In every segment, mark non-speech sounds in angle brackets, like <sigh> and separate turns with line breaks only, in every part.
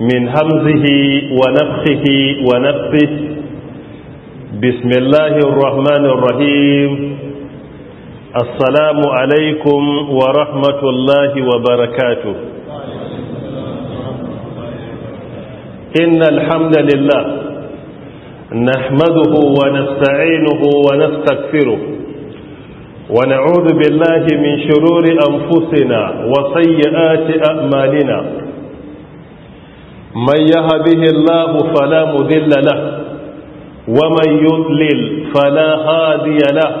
من همزه ونفخه ونفثه بسم الله الرحمن الرحيم السلام عليكم ورحمة الله وبركاته إن الحمد لله نحمده ونستعينه ونستغفره ونعوذ بالله من شرور أنفسنا وسيئات أعمالنا من يهده الله فلا مذل له ومن يضلل فلا هادي له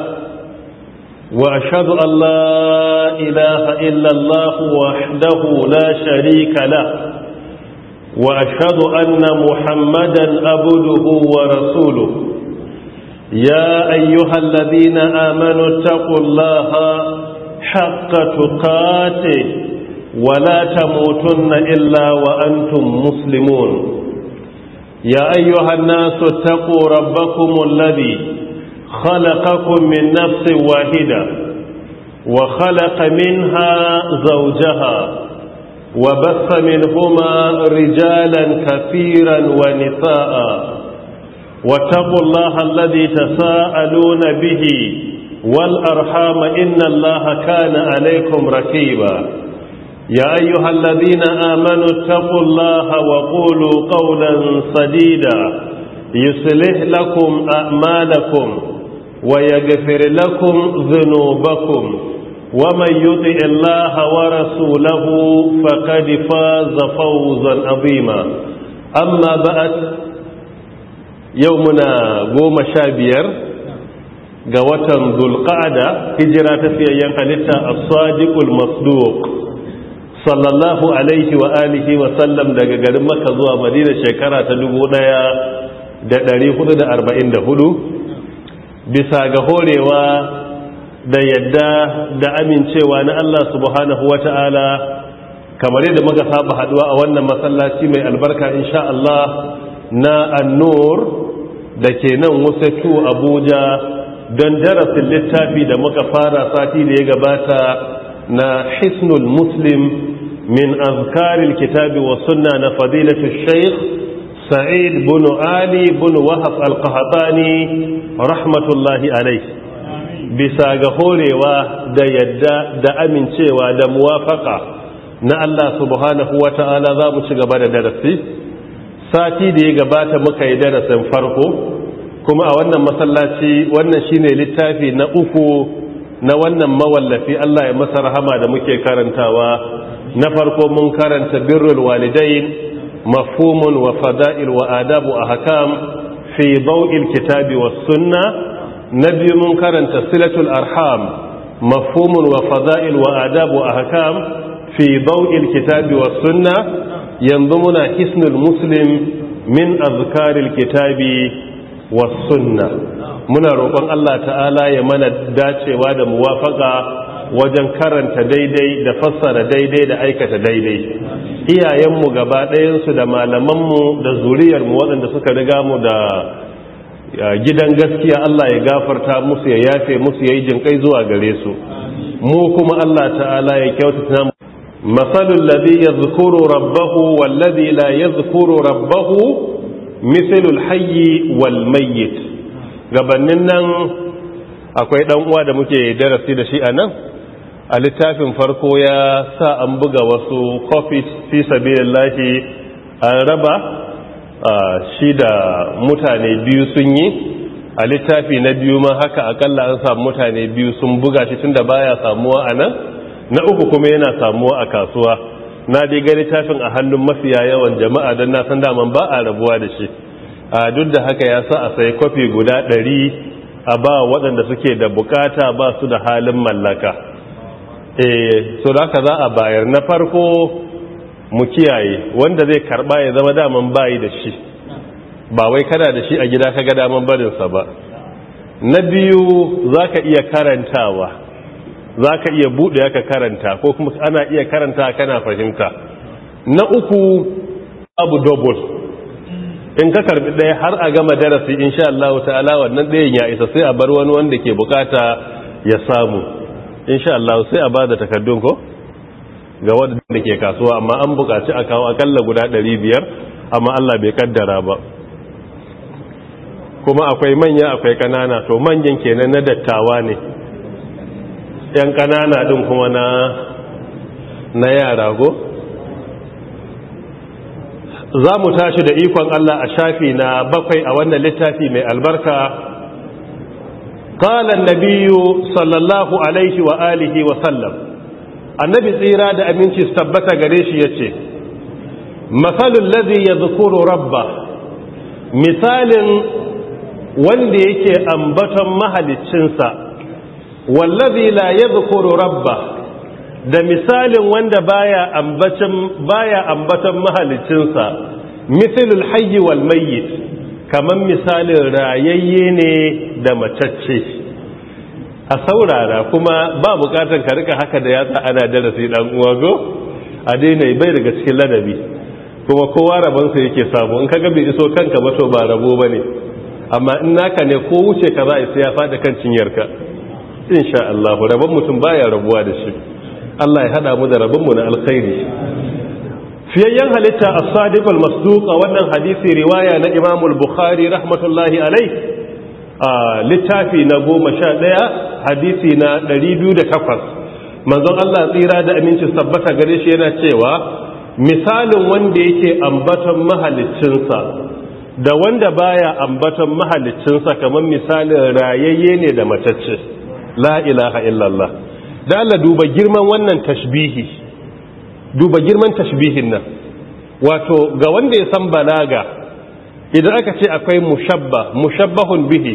وأشهد أن لا إله إلا الله وحده لا شريك له وأشهد أن محمدا أبده ورسوله يا أيها الذين آمنوا اتقوا الله حق تقاته ولا تموتن إلا وأنتم مسلمون يا أيها الناس اتقوا ربكم الذي خلقكم من نفس واحدة وخلق منها زوجها وبث منهما رجالا كثيرا ونساء واتقوا الله الذي تساءلون به والأرحام إن الله كان عليكم ركيباً يا أيها الذين آمنوا اتقوا الله وقولوا قولا صديدا يصلح لكم أعمالكم ويغفر لكم ذنوبكم ومن يطع الله ورسوله فقد فاز فوزا عظيما أما بعد يومنا قوم شابير ga watan zulqa'ada hijira ta fiyayyen halitta as-sadiqul masduq sallallahu alaihi wa alihi wa sallam daga garin maka zuwa madina shekara ta 1444 bisa ga horewa da yadda da amincewa na Allah subhanahu wa ta'ala kamar yadda muka saba haduwa a wannan masallaci mai albarka insha Allah na annur da ke nan wasatu abuja don darasin littafi da muka fara sati da ya gabata na hisnul muslim من أذكار الكتاب والسنة لفضيلة الشيخ سعيد بن علي بن وهب القهطاني رحمة الله عليه بساقهوري وديد دأمن شوى دموافقة نألا سبحانه وتعالى ذا مشغبان درسي sati da ya gabata muka yi darasin farko kuma a wannan masallaci wannan shine littafi na uku na wannan mawallafi Allah ya masa rahama da muke karantawa na farko mun karanta birrul walidain mafhumun wa fada'il wa adabu ahkam fi daw'il kitabi was sunna na biyu mun karanta silatul arham mafhumun wa fada'il wa adabu ahkam fi daw'il kitabi was sunna yanzu muna hisnul muslim min azkaril kitabi wasunna muna roƙon Allah ta'ala ya mana dacewa da muwafaka wajen karanta daidai da fassara daidai da aikata daidai iyayenmu gaba ɗayansu da malamanmu da zuriyarmu waɗanda suka riga mu da gidan gaskiya Allah ya gafarta musu ya yafe musu ya yi jinƙai zuwa gare su mu kuma Allah ta'ala ya kyautata mu masalul ladhi yadhkuru rabbahu wal ladhi la yadhkuru rabbahu misalul hayyi wal mayyit gabanin nan akwai dan uwa da muke darasi da shi anan a littafin farko ya sa an buga wasu copies fi sabilillahi an raba shi da mutane biyu sun yi a littafi na biyu ma haka akalla an samu mutane biyu sun buga shi tunda baya samuwa a nan na uku kuma yana samuwa a kasuwa na dai gani tafin a hannun mafiya yawan jama'a don na san daman ba a rabuwa da shi a duk da haka ya sa a sai kwafi guda ɗari a ba waɗanda suke da bukata ba su da halin mallaka eh so da haka za a bayar na farko mu kiyaye wanda zai karɓa ya zama daman bayi da shi ba wai kana da shi a gida ka ga daman barinsa ba na biyu za ka iya karantawa za ka iya buɗe ka karanta ko kuma ana iya karanta kana fahimta na uku abu dobol in ka karbi ɗaya har a gama darasi insha Allah ta'ala nan ɗayan ya isa sai a bar wani wanda ke bukata ya samu insha Allah sai a bada takardun ko ga wanda ke kasuwa amma an bukaci a kawo akalla guda 500 amma Allah bai kaddara ba kuma akwai manya akwai kanana to manyan kenan na dattawa ne yan ƙanana ɗin kuma na yara go za mu tashi da ikon Allah a shafi na bakwai a wannan littafi mai albarka قال النبي صلى الله عليه wa وسلم النبي tsira da aminci tabbata gare shi yace mafalul ladhi yadhkuru rabba. misalin wanda yake ambaton mahaliccinsa wallazi la yadhkuru rabba da misalin wanda baya ambatan baya ambatan mahalicinsa mithlul hayy wal mayyit kaman misalin rayayye ne da matacce a saurara kuma ba bukatan ka rika haka da yatsa ana darasi dan uwa go a daina bai daga cikin ladabi kuma kowa rabonsa yake samu in kaga bai iso kanka ba to ba rabo bane amma in naka ne ko wuce ka za a sai ya fada kan cinyarka In Allah rabon mutum baya rabuwa da shi Allah ya hada mu da rabon mu na alkhairi fiyayyen halitta a sadiq al wannan hadisi riwaya na Imam al-Bukhari rahmatullahi alayh a littafi na 11 hadisi na 208 manzon Allah tsira da aminci sabbata gare shi yana cewa misalin wanda yake ambaton mahaliccinsa da wanda baya ambaton mahaliccinsa kamar misalin rayayye ne da matacce la ilaha illallah da Allah duba girman wannan tashbihi duba girman tashbihin nan wato ga wanda ya san balaga idan aka ce akwai mushabba mushabbahun bihi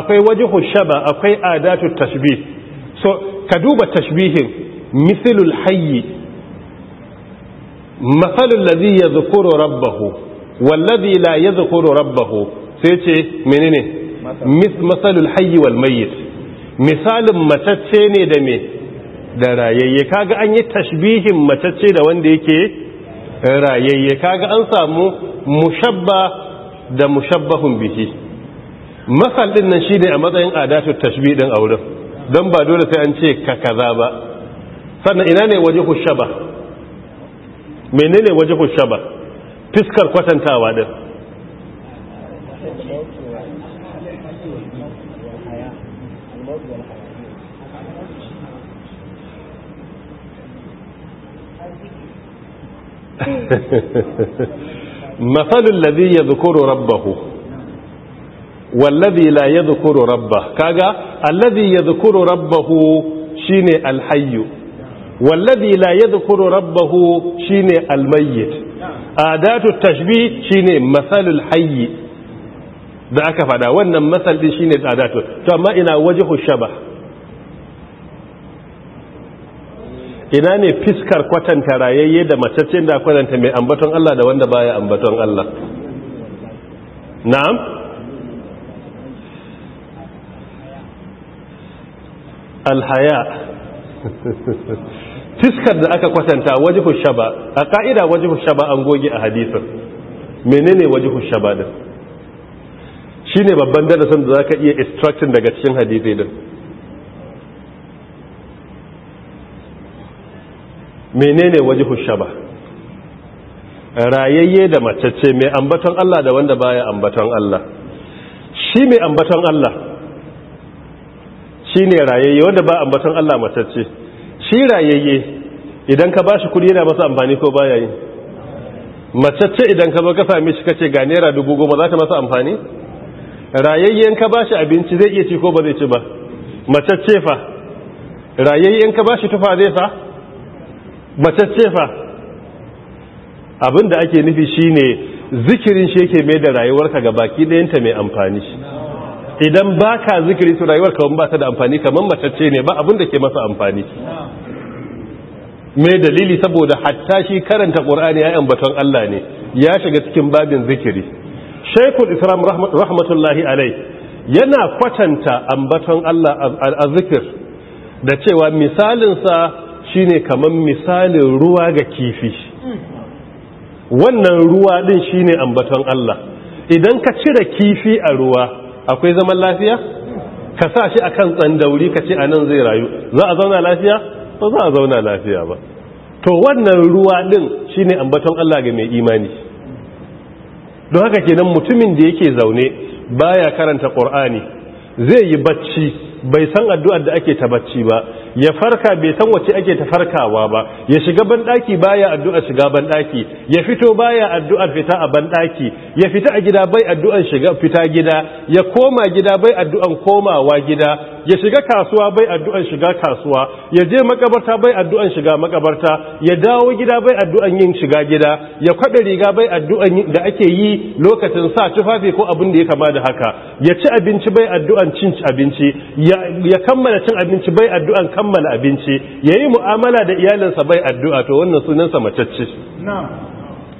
akwai wajuhun shaba akwai adatu tashbih so ka duba tashbihin mislul hayy mathalul ladhi yadhkuru rabbahu wallazi la rabbahu sai ce menene misalul hayyi wal mayyit misalin matacce ne da me da rayayye kaga an yi tashbihin matacce da wanda yake rayayye kaga an samu mushabba da mushabbahun bihi masal din nan shine a matsayin adatu tashbih din auren don ba dole sai an ce ka kaza ba sannan ina ne waje hushaba menene waje hushaba fiskar kwatantawa din <laughs> مثل الذي يذكر ربه والذي لا يذكر ربه كاغا الذي يذكر ربه شيني الحي والذي لا يذكر ربه شيني الميت اداه التشبيه شيني مثل الحي ذاك فدا fada wannan masal din shine adatu to amma ina ina ne fiskar kwatanta rayayye da macacin da kwatanta mai ambaton Allah da wanda baya ambaton Allah na'am alhaya <laughs> fiskar da aka kwatanta wajihun shaba a ka'ida wajihun shaba an goge a hadisin menene wajihun shaba din shine babban darasin da zaka iya extracting daga cikin hadisi din menene wajhu shaba rayayye da matacce mai ambaton Allah da wanda baya ambaton Allah shi mai ambaton Allah shine rayayye wanda ba ambaton Allah matacce shi rayayye idan ka bashi kudi yana masa amfani ko baya yi matacce idan ka baka same shi kace ga naira goma za ta masa amfani rayayye in ka bashi abinci zai iya ci ko ba zai ci ba matacce fa rayayye in ka bashi tufa zai fa matacce fa abinda ake nufi shine zikirin shi yake mai da rayuwarka ga baki ɗayanta mai amfani shi idan ba ka zikiri su rayuwar kawai ba ta da amfani kamar matacce ne ba abinda ke masa amfani mai dalili saboda hatta shi karanta qur'ani ya ambaton Allah ne ya shiga cikin babin zikiri shaikul islam rahmatullahi alai yana kwatanta ambaton Allah a zikir da cewa misalinsa shine kaman misalin ruwa ga kifi wannan ruwa din shine ambaton Allah idan ka cire kifi a ruwa akwai zaman lafiya ka sa shi akan tsandauri ka ce a nan zai rayu za a zauna lafiya ba za a zauna lafiya ba to wannan ruwa din shine ambaton Allah ga mai imani don haka kenan mutumin da yake zaune baya karanta Qur'ani zai yi bacci bai san addu'ar da ake ta bacci ba ya farka bai san wace ake ta farkawa ba ya shiga banɗaki baya addu'a shiga banɗaki ya fito baya addu'ar fita a banɗaki ya fita a gida bai addu'an shiga fita gida ya koma gida bai addu'an komawa gida ya shiga kasuwa bai addu'an shiga kasuwa ya je makabarta bai addu'an shiga makabarta ya dawo gida bai addu'an yin shiga gida ya kwaɗa riga bai addu'an da ake yi lokacin sa tufafi ko abin da ya kama da haka ya ci abinci bai addu'an cin abinci ya kammala cin abinci bai addu'an kammala abinci ya yi mu'amala da iyalinsa bai addu'a to wannan sunansa macacce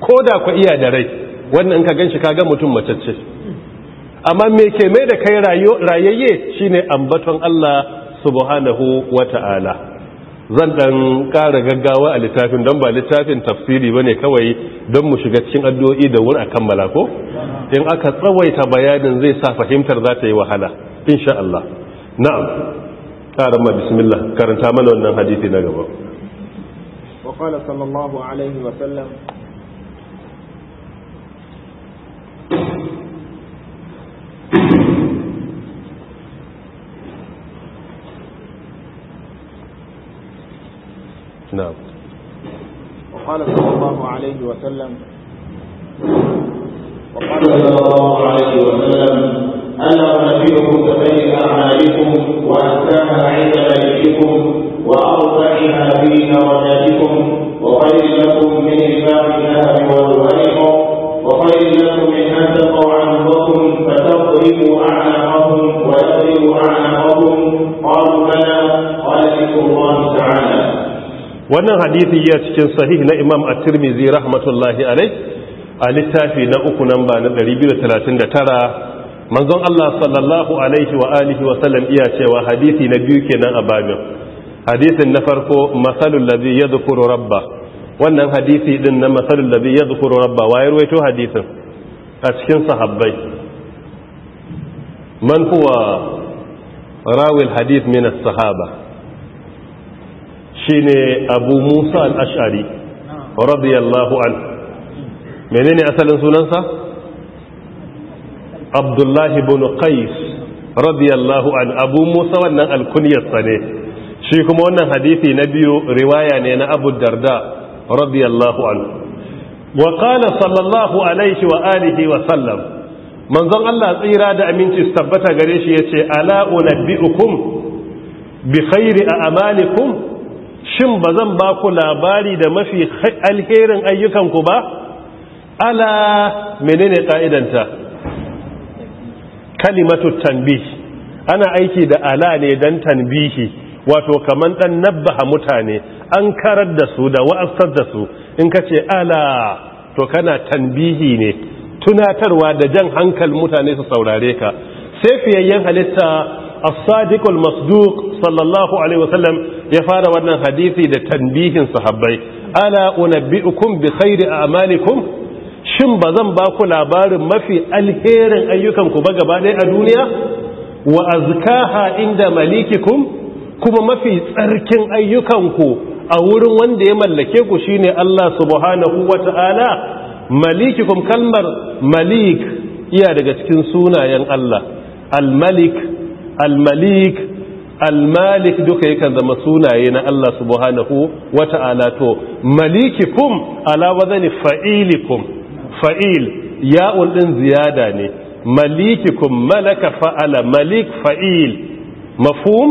Ko da ku iya da rai wannan in ka ganshi kaga mutum macacce amma me ke mai da kai rayayye shine ambaton Allah subhanahu wata'ala zan ɗan ƙara gaggawa a littafin don ba littafin tafsiri ba ne kawai don mu shiga cikin addu'o'i da wuri a kammala ko in aka tsawaita bayanin zai sa fahimtar za ta yi wahala insha Allah na'am ƙaran bismillah karanta mana wannan hadisi na gaba
wa qala sallallahu alaihi wa sallam na'am wa qala sallallahu alaihi wa sallam وقال صلى الله عليه وسلم ألا أنبئكم بخير أعمالكم وأحسنها عند ملككم وأرفعها في درجاتكم وخير لكم من إنفاق الذهب والورق وخير لكم من أن تقوا عنكم فتضربوا أعناقهم ويضربوا أعناقهم قالوا
بلى قال ذكر الله تعالى wannan حديث ya cikin sahih na imam at-tirmidhi rahmatullahi alayh a littafi na uku namba na 239 manzon Allah sallallahu alaihi wa alihi wa sallam iya cewa hadisi na biyu kenan a babin hadisin na farko masalul ladhi yadhkuru rabba wannan hadisi din na masalul ladhi yadhkuru rabba waye ruwaito hadisin a cikin sahabbai man huwa rawi alhadith min as-sahaba shine abu musa al-ash'ari radiyallahu anhu menene asalin sunansa abdullahi bin qais radiyallahu an abu musa wannan alkunyarsa ne shi kuma wannan hadisi na biyu riwaya ne na abu darda radiyallahu an wa qala sallallahu alaihi wa alihi wa sallam manzon Allah tsira da aminci tabbata gare shi yace ala unabbiukum bi khairi a'malikum shin bazan ba ku labari da mafi alherin ayyukanku ba ala menene ka'idanta kalimatu tanbih ana aiki da ala ne dan tanbihi wato kaman dan nabbaha mutane an karar da su da wa'asar da su in kace ala to kana tanbihi ne tunatarwa da jan hankal mutane su saurare ka sai fiyayyen halitta as-sadiqul masduq sallallahu alaihi wasallam ya fara wannan hadisi da tanbihin sahabbai ala unabbiukum bi khairi a'malikum shin ba zan ba ku labarin mafi alherin ayyukanku ba gaba ɗaya a duniya wa azkaha inda malikikum kuma mafi tsarkin ayyukanku a wurin wanda ya mallake ku shine Allah subhanahu wata'ala malikikum kalmar malik iya daga cikin sunayen Allah al-malik al-malik al-malik duka yakan zama sunaye na Allah subhanahu wata'ala to malikikum ala wadani fa'ilikum fa'il ya ɗin ziyada ne malikikun malaka fa'ala malik fa'il mafum?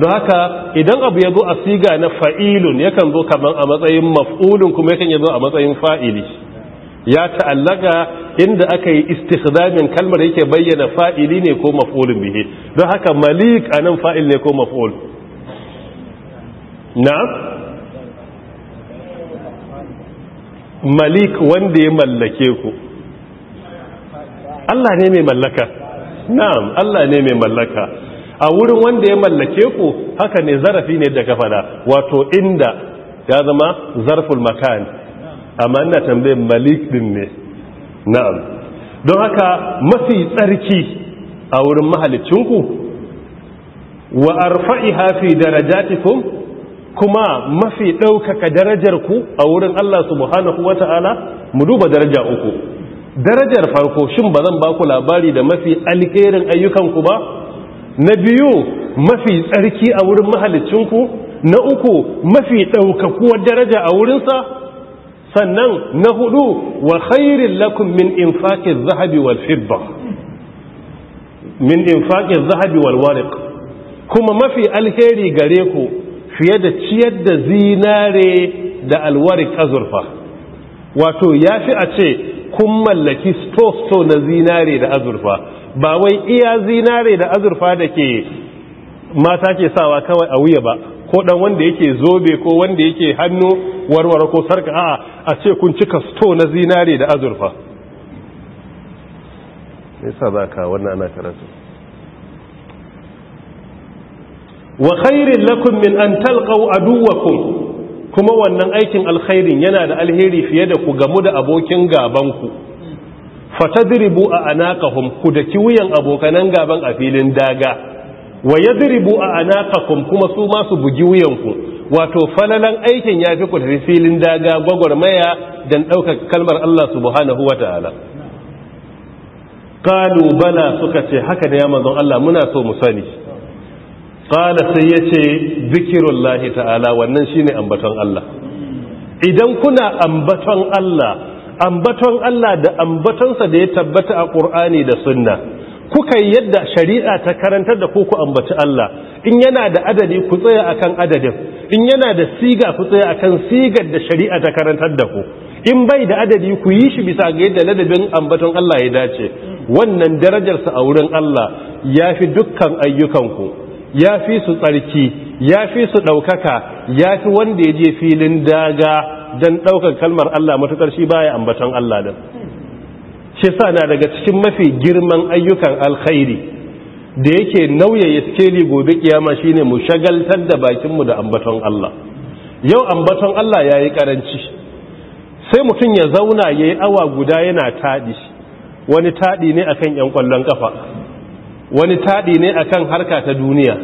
don haka idan abu ya zo a siga na fa'ilun ya kan zo kamar a matsayin maf'ulun kuma yakan ya zo a matsayin fa'ili ya ta'allaka inda aka yi istikhdamin kalmar yake bayyana fa'ili ne ko maf'ulun bihe don haka malik a nan fa'il ne ko maf'ul na. malik wanda ya mallake ku Allah ne mai mallaka na'am Allah ne mai mallaka a wurin wanda ya mallake ku haka ne zarafi ne da fada wato inda ya zama zarful makan amma ina tambayar malik din ne na'am don haka mafi tsarki a wurin ku. wa arfa'iha fi darajatikum kuma mafi ɗaukaka darajar ku a wurin Allah subhanahu wata'ala mu duba daraja uku darajar farko shin ba zan ba ku labari da mafi alherin ayyukanku ba na biyu mafi tsarki a wurin mahalicinku na uku mafi ɗaukakuwar daraja a wurinsa sannan na hudu wa khairin lakum min infaƙin zahabi wal fidda min infaƙin zahabi wal wariq kuma mafi alheri gare ku fiye da ciyar da zinare da alwarik azurfa wato ya fi a ce kun mallaki sto-sto na zinare da azurfa ba wai iya zinare da azurfa da ke mata ke sawa kawai a wuya ba ko dan wanda yake zobe ko wanda yake hannu warware ko sarka a a ce kun cika sto na zinare da azurfa nisa za ka wannan ana karatu wa khairin lakum min an talqaw aduwakum kuma wannan aikin alkhairin yana da alheri fiye da ku gamu da abokin gaban ku fatadribu a anaqahum ku da wuyan abokanan gaban a filin daga wa yadribu a anaqakum kuma su ma su bugi wuyanku, wato falalan aikin yafi ku tafi filin daga gwagwarmaya dan daukar kalmar Allah subhanahu wataala qalu bala suka ce haka da ya manzon Allah muna so mu sani ƙala sai ya ce zikirullahi ta'ala wannan shine ambaton Allah idan kuna ambaton Allah ambaton Allah da ambatonsa da ya tabbata a ƙur'ani da sunna kuka yi yadda shari'a ta karantar da ku ambaci Allah in yana da adadi ku tsaya akan adadin in yana da siga ku tsaya akan sigar da shari'a ta karantar da ku in bai da adadi ku yi shi bisa ga yadda ladabin ambaton Allah ya dace wannan darajarsa a wurin Allah ya fi dukkan ku. ya fi su tsarki ya fi su ɗaukaka ya fi wanda ya je filin daga don ɗaukar kalmar Allah matuƙar shi baya ambaton Allah da. shi sa na daga cikin mafi girman ayyukan alkhairi da yake ya skeli gobe kiyama shine mu shagaltar da bakinmu da ambaton Allah yau ambaton Allah ya yi ƙaranci sai mutum ya zauna ya yi awa guda yana taɗi wani taɗi ne akan 'yan ƙwallon ƙafa wani taɗi ne akan harka ta duniya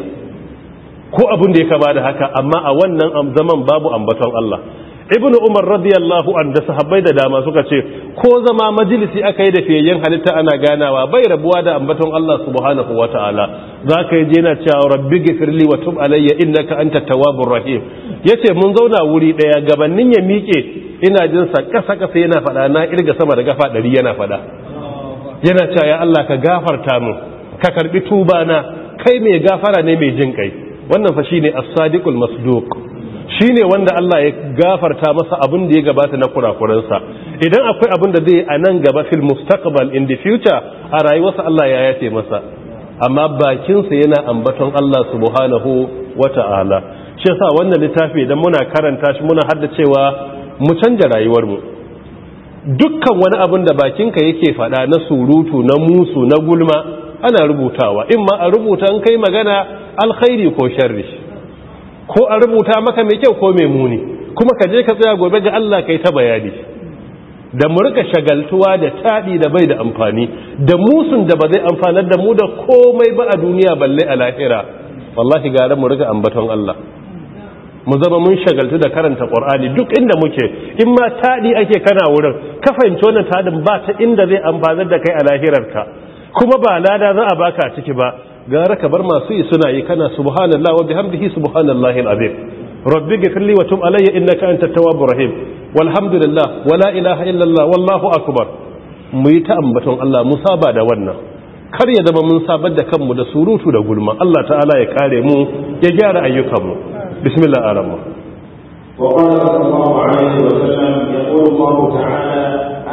ko abin da ya kama da haka amma a wannan zaman babu ambaton Allah Ibn umar radiyallahu an da sahabbai da dama suka ce ko zama majalisi aka yi da fiyayyen halitta ana ganawa bai rabuwa da ambaton Allah subhanahu wa ta'ala za ka yi jena cewa rabbi gifirli wa tub alayya innaka anta tawwabur rahim yace mun zauna wuri daya gabanin ya miƙe ina jin sa kasa kasa yana fada na irga sama da gafa dari yana fada yana cewa ya Allah ka gafarta mu ka karbi tuba na kai mai gafara ne mai jin kai wannan fa shine as-sadiqul masduq shine wanda Allah ya gafarta masa abin da ya gabata na kurakuransa idan akwai abin da zai a nan gaba fil mustaqbal in the future a rayuwarsa Allah ya yace masa amma bakinsa yana ambaton Allah subhanahu wata'ala shi yasa wannan littafi idan muna karanta shi muna haddacewa mu canja mu dukkan wani abin da bakinka yake faɗa na surutu na musu na gulma ana rubutawa in ma a rubuta in kai magana alkhairi ko sharri ko a rubuta maka mai kyau ko mai muni kuma ka je ka tsaya gobe ga Allah kai ta bayani da mu rika shagaltuwa da taɗi da bai da amfani da musun da ba zai amfanar da mu da komai ba a duniya balle a lahira wallahi gara mu rika ambaton Allah mu zama mun shagaltu da karanta Ƙur'ani duk inda muke in ma taɗi ake kana wurin kafanci wannan tadin ba ta inda zai amfanar da kai a lahirarka kuma ba lada za a baka a ciki ba gara ka bar masu yi suna yi kana subhanallah wa bihamdihi subhanallahi alazim rabbi ghfirli wa tub alayya innaka antat tawwabur rahim walhamdulillah wala ilaha illallah wallahu akbar mu yi ta ambaton Allah mu saba da wannan kar ya zama mun sabar da kanmu da surutu da gulma Allah ta'ala ya kare mu ya gyara ayyukanmu bismillah arama
وقال صلى الله عليه وسلم يقول الله تعالى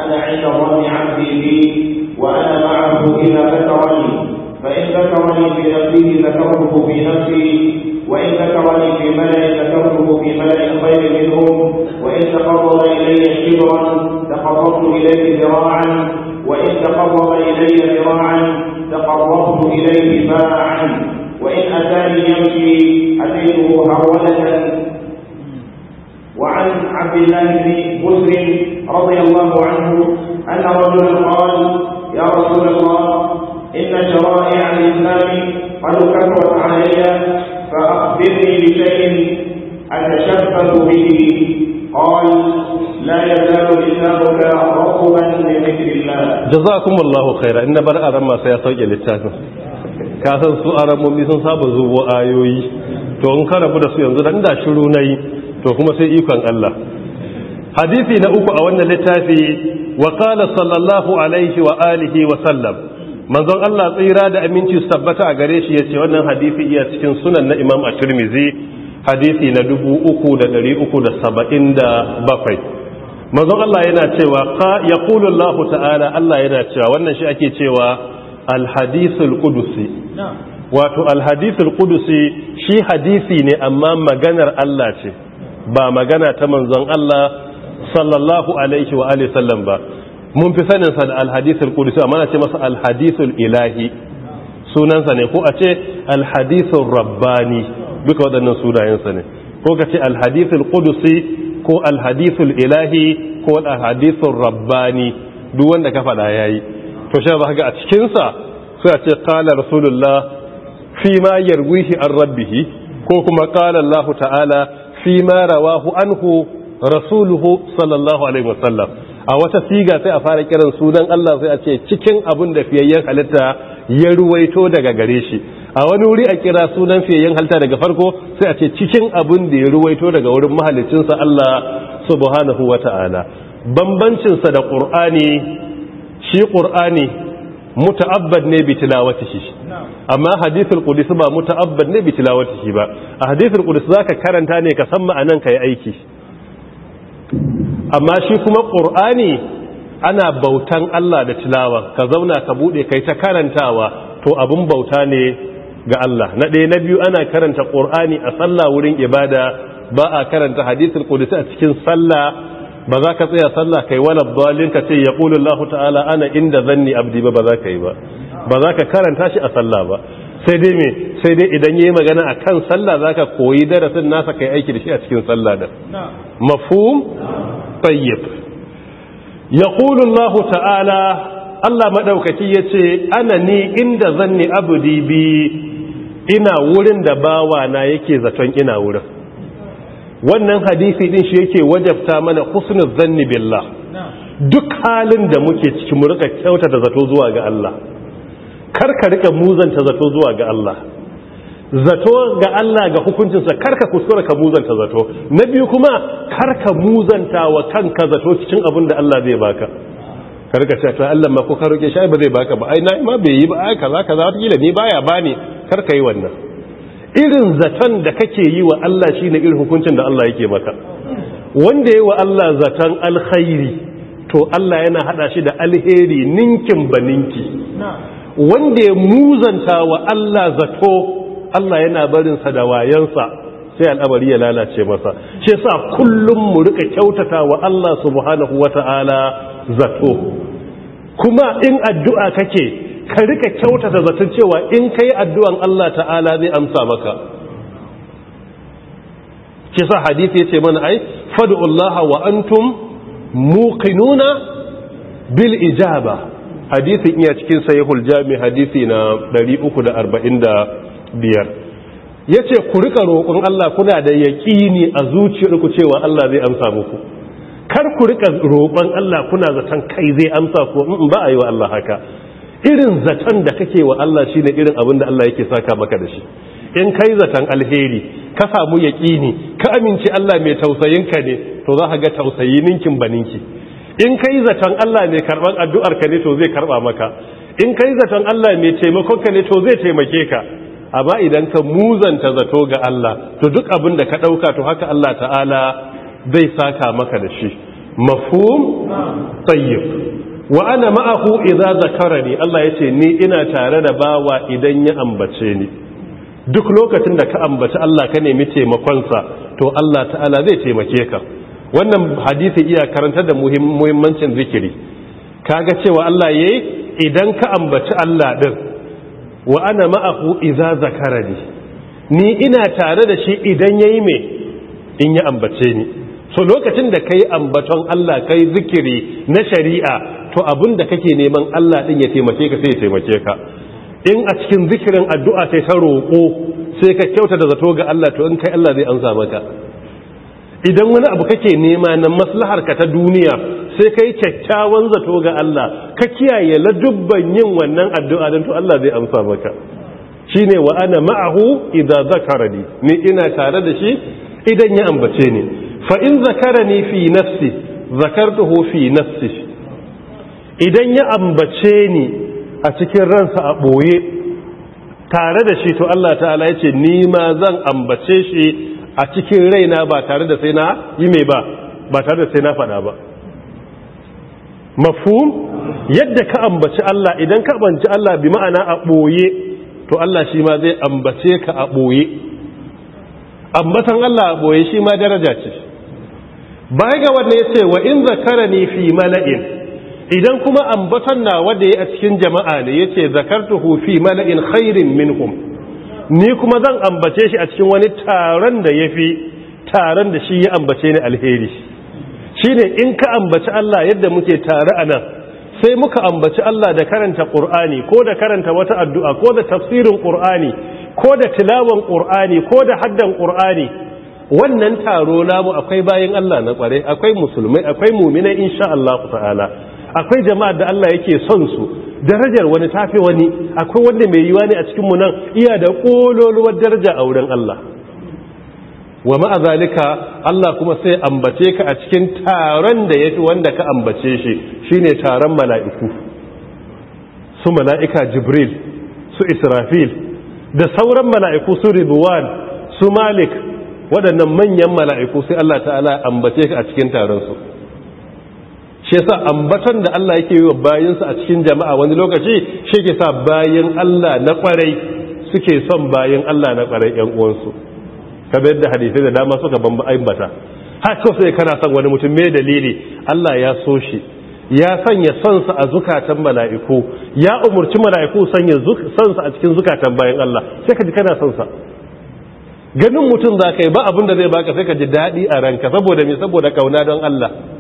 أنا عند الله عبدي وأنا معه إذا ذكرني فإن ذكرني في نفسه ذكرته في نفسي وإن ذكرني في ملأ ذكرته في ملأ خير منهم وإن تقرب إلي شبرا تقربت إليه ذراعا وإن تقرب إلي ذراعا تقربت إليه باعا وإن أتاني يمشي أتيته هرولة وعن عبد الله بن بسر رضي الله عنه أن رجلا قال يا رسول الله إن شرائع الإسلام قد كثرت علي فأخبرني بشيء أتشبث به قال لا يزال لسانك الله
جزاكم الله خيرا إن kasan su aramomi sun saba zubo ayoyi to in ka rabu da su yanzu dan da shiru yi, to kuma sai ikon Allah Hadithi na uku a wannan littafi wa sallallahu alaihi wa alihi wa sallam manzon Allah tsira da aminci tabbata a gare shi yace wannan hadisi iya cikin sunan na Imam At-Tirmidhi hadisi na 3377 manzon Allah yana cewa yaqulu Allah ta'ala Allah yana cewa wannan shi ake cewa al-hadithul qudusi wato al-hadithul qudusi shi hadisi ne amma maganar Allah ce ba magana ta manzon Allah sallallahu alaihi wa alihi sallam ba mun fi sanin sa da alhadisul qudsi amma ce masa alhadisul ilahi sunansa ne ko a ce alhadisul rabbani duka sunayen sunayensa ne ko ka ce alhadisul ko alhadisul ilahi ko alhadisul rabbani duk wanda ka faɗa yayi to sha ba ga a cikin sa sai a ce qala rasulullah fi ma yarwihi an rabbihi ko kuma qala allah ta'ala fi ma rawahu anhu rasuluhu sallallahu alaihi wasallam a wata siga sai a fara kiran sunan Allah sai a ce cikin abin da fiyayyen halitta ya ruwaito daga gare shi a wani wuri a kira sunan fiyayyen halitta daga farko sai a ce cikin abin da ya ruwaito daga wurin sa Allah subhanahu wata'ala bambancinsa da qur'ani shi ƙur'ani muta'abbad ne bi tilawatihi amma hadithul qudsi ba muta'abbad ne bi tilawatihi ba a hadithul qudsi zaka karanta ne ka san ma'anan kai aiki amma shi kuma ƙur'ani ana bautan Allah da tilawa ka zauna ka buɗe kai ta karantawa to abin bauta ne ga Allah na ɗaya na biyu ana karanta ƙur'ani a sallah wurin ibada ba a karanta hadisul qudsi a cikin sallah ba za ka tsaya sallah kai wala dalin ka ce yaqulu Allah ta'ala ana inda zanni abdi ba ba za ka yi ba ba za ka karanta shi a sallah ba sai dai me sai dai idan yi magana akan sallah zaka koyi darasin nasa kai aiki da shi a cikin sallah da mafhum tayyib yaqulu Allah ta'ala Allah madaukaki yace ana ni inda zanni abdi bi ina wurin da bawa na yake zaton ina wurin wannan hadisi din shi yake wajabta mana husnul zanni billah duk halin da muke ciki mu rika kyautata zato zuwa ga Allah kar ka rika muzanta zato zuwa ga Allah zato ga Allah ga hukuncinsa karka kuskura ka muzanta zato na biyu kuma karka muzanta wa kanka zato cikin abin da Allah zai baka karka ce ta Allah ma ko ka roke shi ba zai baka ba ai na ma bai yi ba ai kaza kaza gila ni baya bani karka yi wannan irin zaton da kake yi wa Allah shine irin hukuncin da Allah yake maka wanda yayi wa Allah zaton alkhairi to Allah yana hada shi da alheri ninkin baninki na'am wanda ya muzanta wa Allah zato Allah yana barinsa da wayansa sai al'amari ya lalace masa shi sa kullum mu rika kyautata wa Allah subhanahu wata'ala zato kuma in addu'a kake ka rika kyautata zaton cewa in kai addu'an Allah ta'ala zai amsa maka shi sa hadisi yace mana ai fad'ullaha wa antum muqinuna bil ijaba hadisin iya cikin sahihul jami hadisi na 345 yace ku rika roƙon Allah kuna da yaqini a zuciyarku cewa Allah zai amsa muku kar ku rika roƙon Allah kuna zaton kai zai amsa ku, in ba a yi wa Allah haka irin zaton da kake wa Allah shine irin abin da Allah yake saka maka da shi in kai zaton alheri ka samu yaqini ka amince Allah mai tausayinka ne to za ka ga tausayi ninkin baninki in ka yi zaton Allah mai karɓar addu'ar ka ne to zai karɓa maka in ka yi zaton Allah mai taimakon ka ne to zai taimake ka amma idan ka muzanta zato ga Allah to duk abin da ka ɗauka to haka Allah ta'ala zai saka maka da shi mafhum tayyib wa ana ma'ahu idza ne Allah ya ce ni ina tare da bawa idan ya ambace ni duk lokacin da ka ambaci Allah ka nemi taimakonsa to Allah ta'ala zai taimake ka wannan hadisi iya karanta da muhimmancin zikiri kaga cewa Allah yayi idan ka ambaci Allah din wa ana ma'ahu idza zakarani ni ina tare da shi idan yayi me in ya ambace ni so lokacin da kai ambaton Allah kai zikiri na shari'a to abinda kake neman Allah din ya taimake ka sai ya taimake ka in a cikin zikirin addu'a sai ka roƙo sai ka kyauta zato ga Allah to in kai Allah zai amsa maka idan wani abu kake nema na maslahar ka ta duniya sai kai kyakkyawan zato ga Allah ka kiyaye la dubban yin wannan addu'a don to Allah zai amsa maka shine wa ana ma'ahu idza zakarani ni ina tare da shi idan ya ambace ni fa in zakarani fi nafsi zakartuhu fi nafsi idan ya ambace ni a cikin ransa a boye tare da shi to Allah ta'ala yace ni ma zan ambace shi a cikin raina ba tare da sai na yi mai ba ba tare da sai na faɗa ba mafhum yadda ka ambaci Allah idan ka ambaci Allah bi ma'ana a ɓoye to Allah shi ma zai ambace ka a ɓoye ambatan Allah a ɓoye shi ma daraja ce baya ga wanda ya ce wa in zakara ne fi mala'in idan kuma ambatan na wadda ya a cikin jama'a ne ya ce zakartuhu fi mala'in khairin minhum ni kuma zan ambace shi a cikin wani taron da ya fi taron da shi ya ambace ni alheri shi ne in ka ambaci Allah yadda muke tare a nan sai muka ambaci Allah da karanta ƙur'ani ko da karanta wata addu'a ko da tafsirin ƙur'ani ko da tilawan ƙur'ani ko da haddan ƙur'ani wannan taro namu akwai bayan Allah na ƙware akwai musulmai akwai muminai insha Allah ta'ala akwai jama'ar da Allah yake son su darajar wani tafi wani akwai wanda mai yiwa ne a mu nan iya da kololuwar daraja a wurin Allah wa ma'azalika Allah kuma sai ambace ka a cikin taron da yafi wanda ka ambace shi shine taron mala'iku su mala'ika jibril su israfil da sauran mala'iku su ribwan su malik waɗannan manyan mala'iku sai Allah ta'ala ambace ka a cikin taron su. shi yasa ambaton da Allah yake yi wa bayansa a cikin jama'a wani lokaci shi ke sa bayan Allah na kwarai suke son bayan Allah na kwarai ƴan uwansu kamar yadda hadisai da dama suka bamba ambata har ko sai kana son wani mutum me dalili Allah ya so shi ya sanya sonsa a zukatan mala'iku ya umurci mala'iku sanya sonsa a cikin zukatan bayan Allah sai ka ji kana sonsa ganin mutum za yi ba abin da zai baka sai ka ji daɗi a ranka saboda me saboda kauna don Allah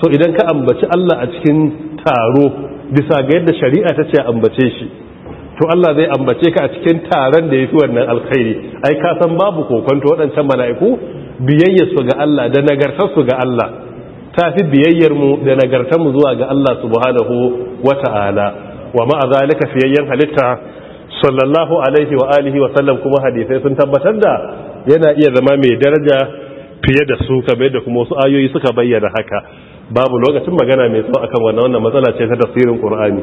so idan ka ambaci Allah a cikin taro bisa ga yadda shari'a ta ce ambace shi to Allah zai ambace ka a cikin taron da ya fi wannan alkhairi ai ka san babu kokonto waɗancan mala'iku biyayyar su ga Allah da nagartar su ga Allah tafi biyayyar mu da nagartar mu zuwa ga Allah subhanahu wata'ala wa ma'a zalika fiyayyan halitta sallallahu alaihi wa alihi wa sallam kuma hadisai sun tabbatar da yana iya zama mai daraja fiye da su kamar da kuma wasu ayoyi suka bayyana haka babu lokacin magana mai tsawo akan wannan wannan matsala ce ta tafsirin qur'ani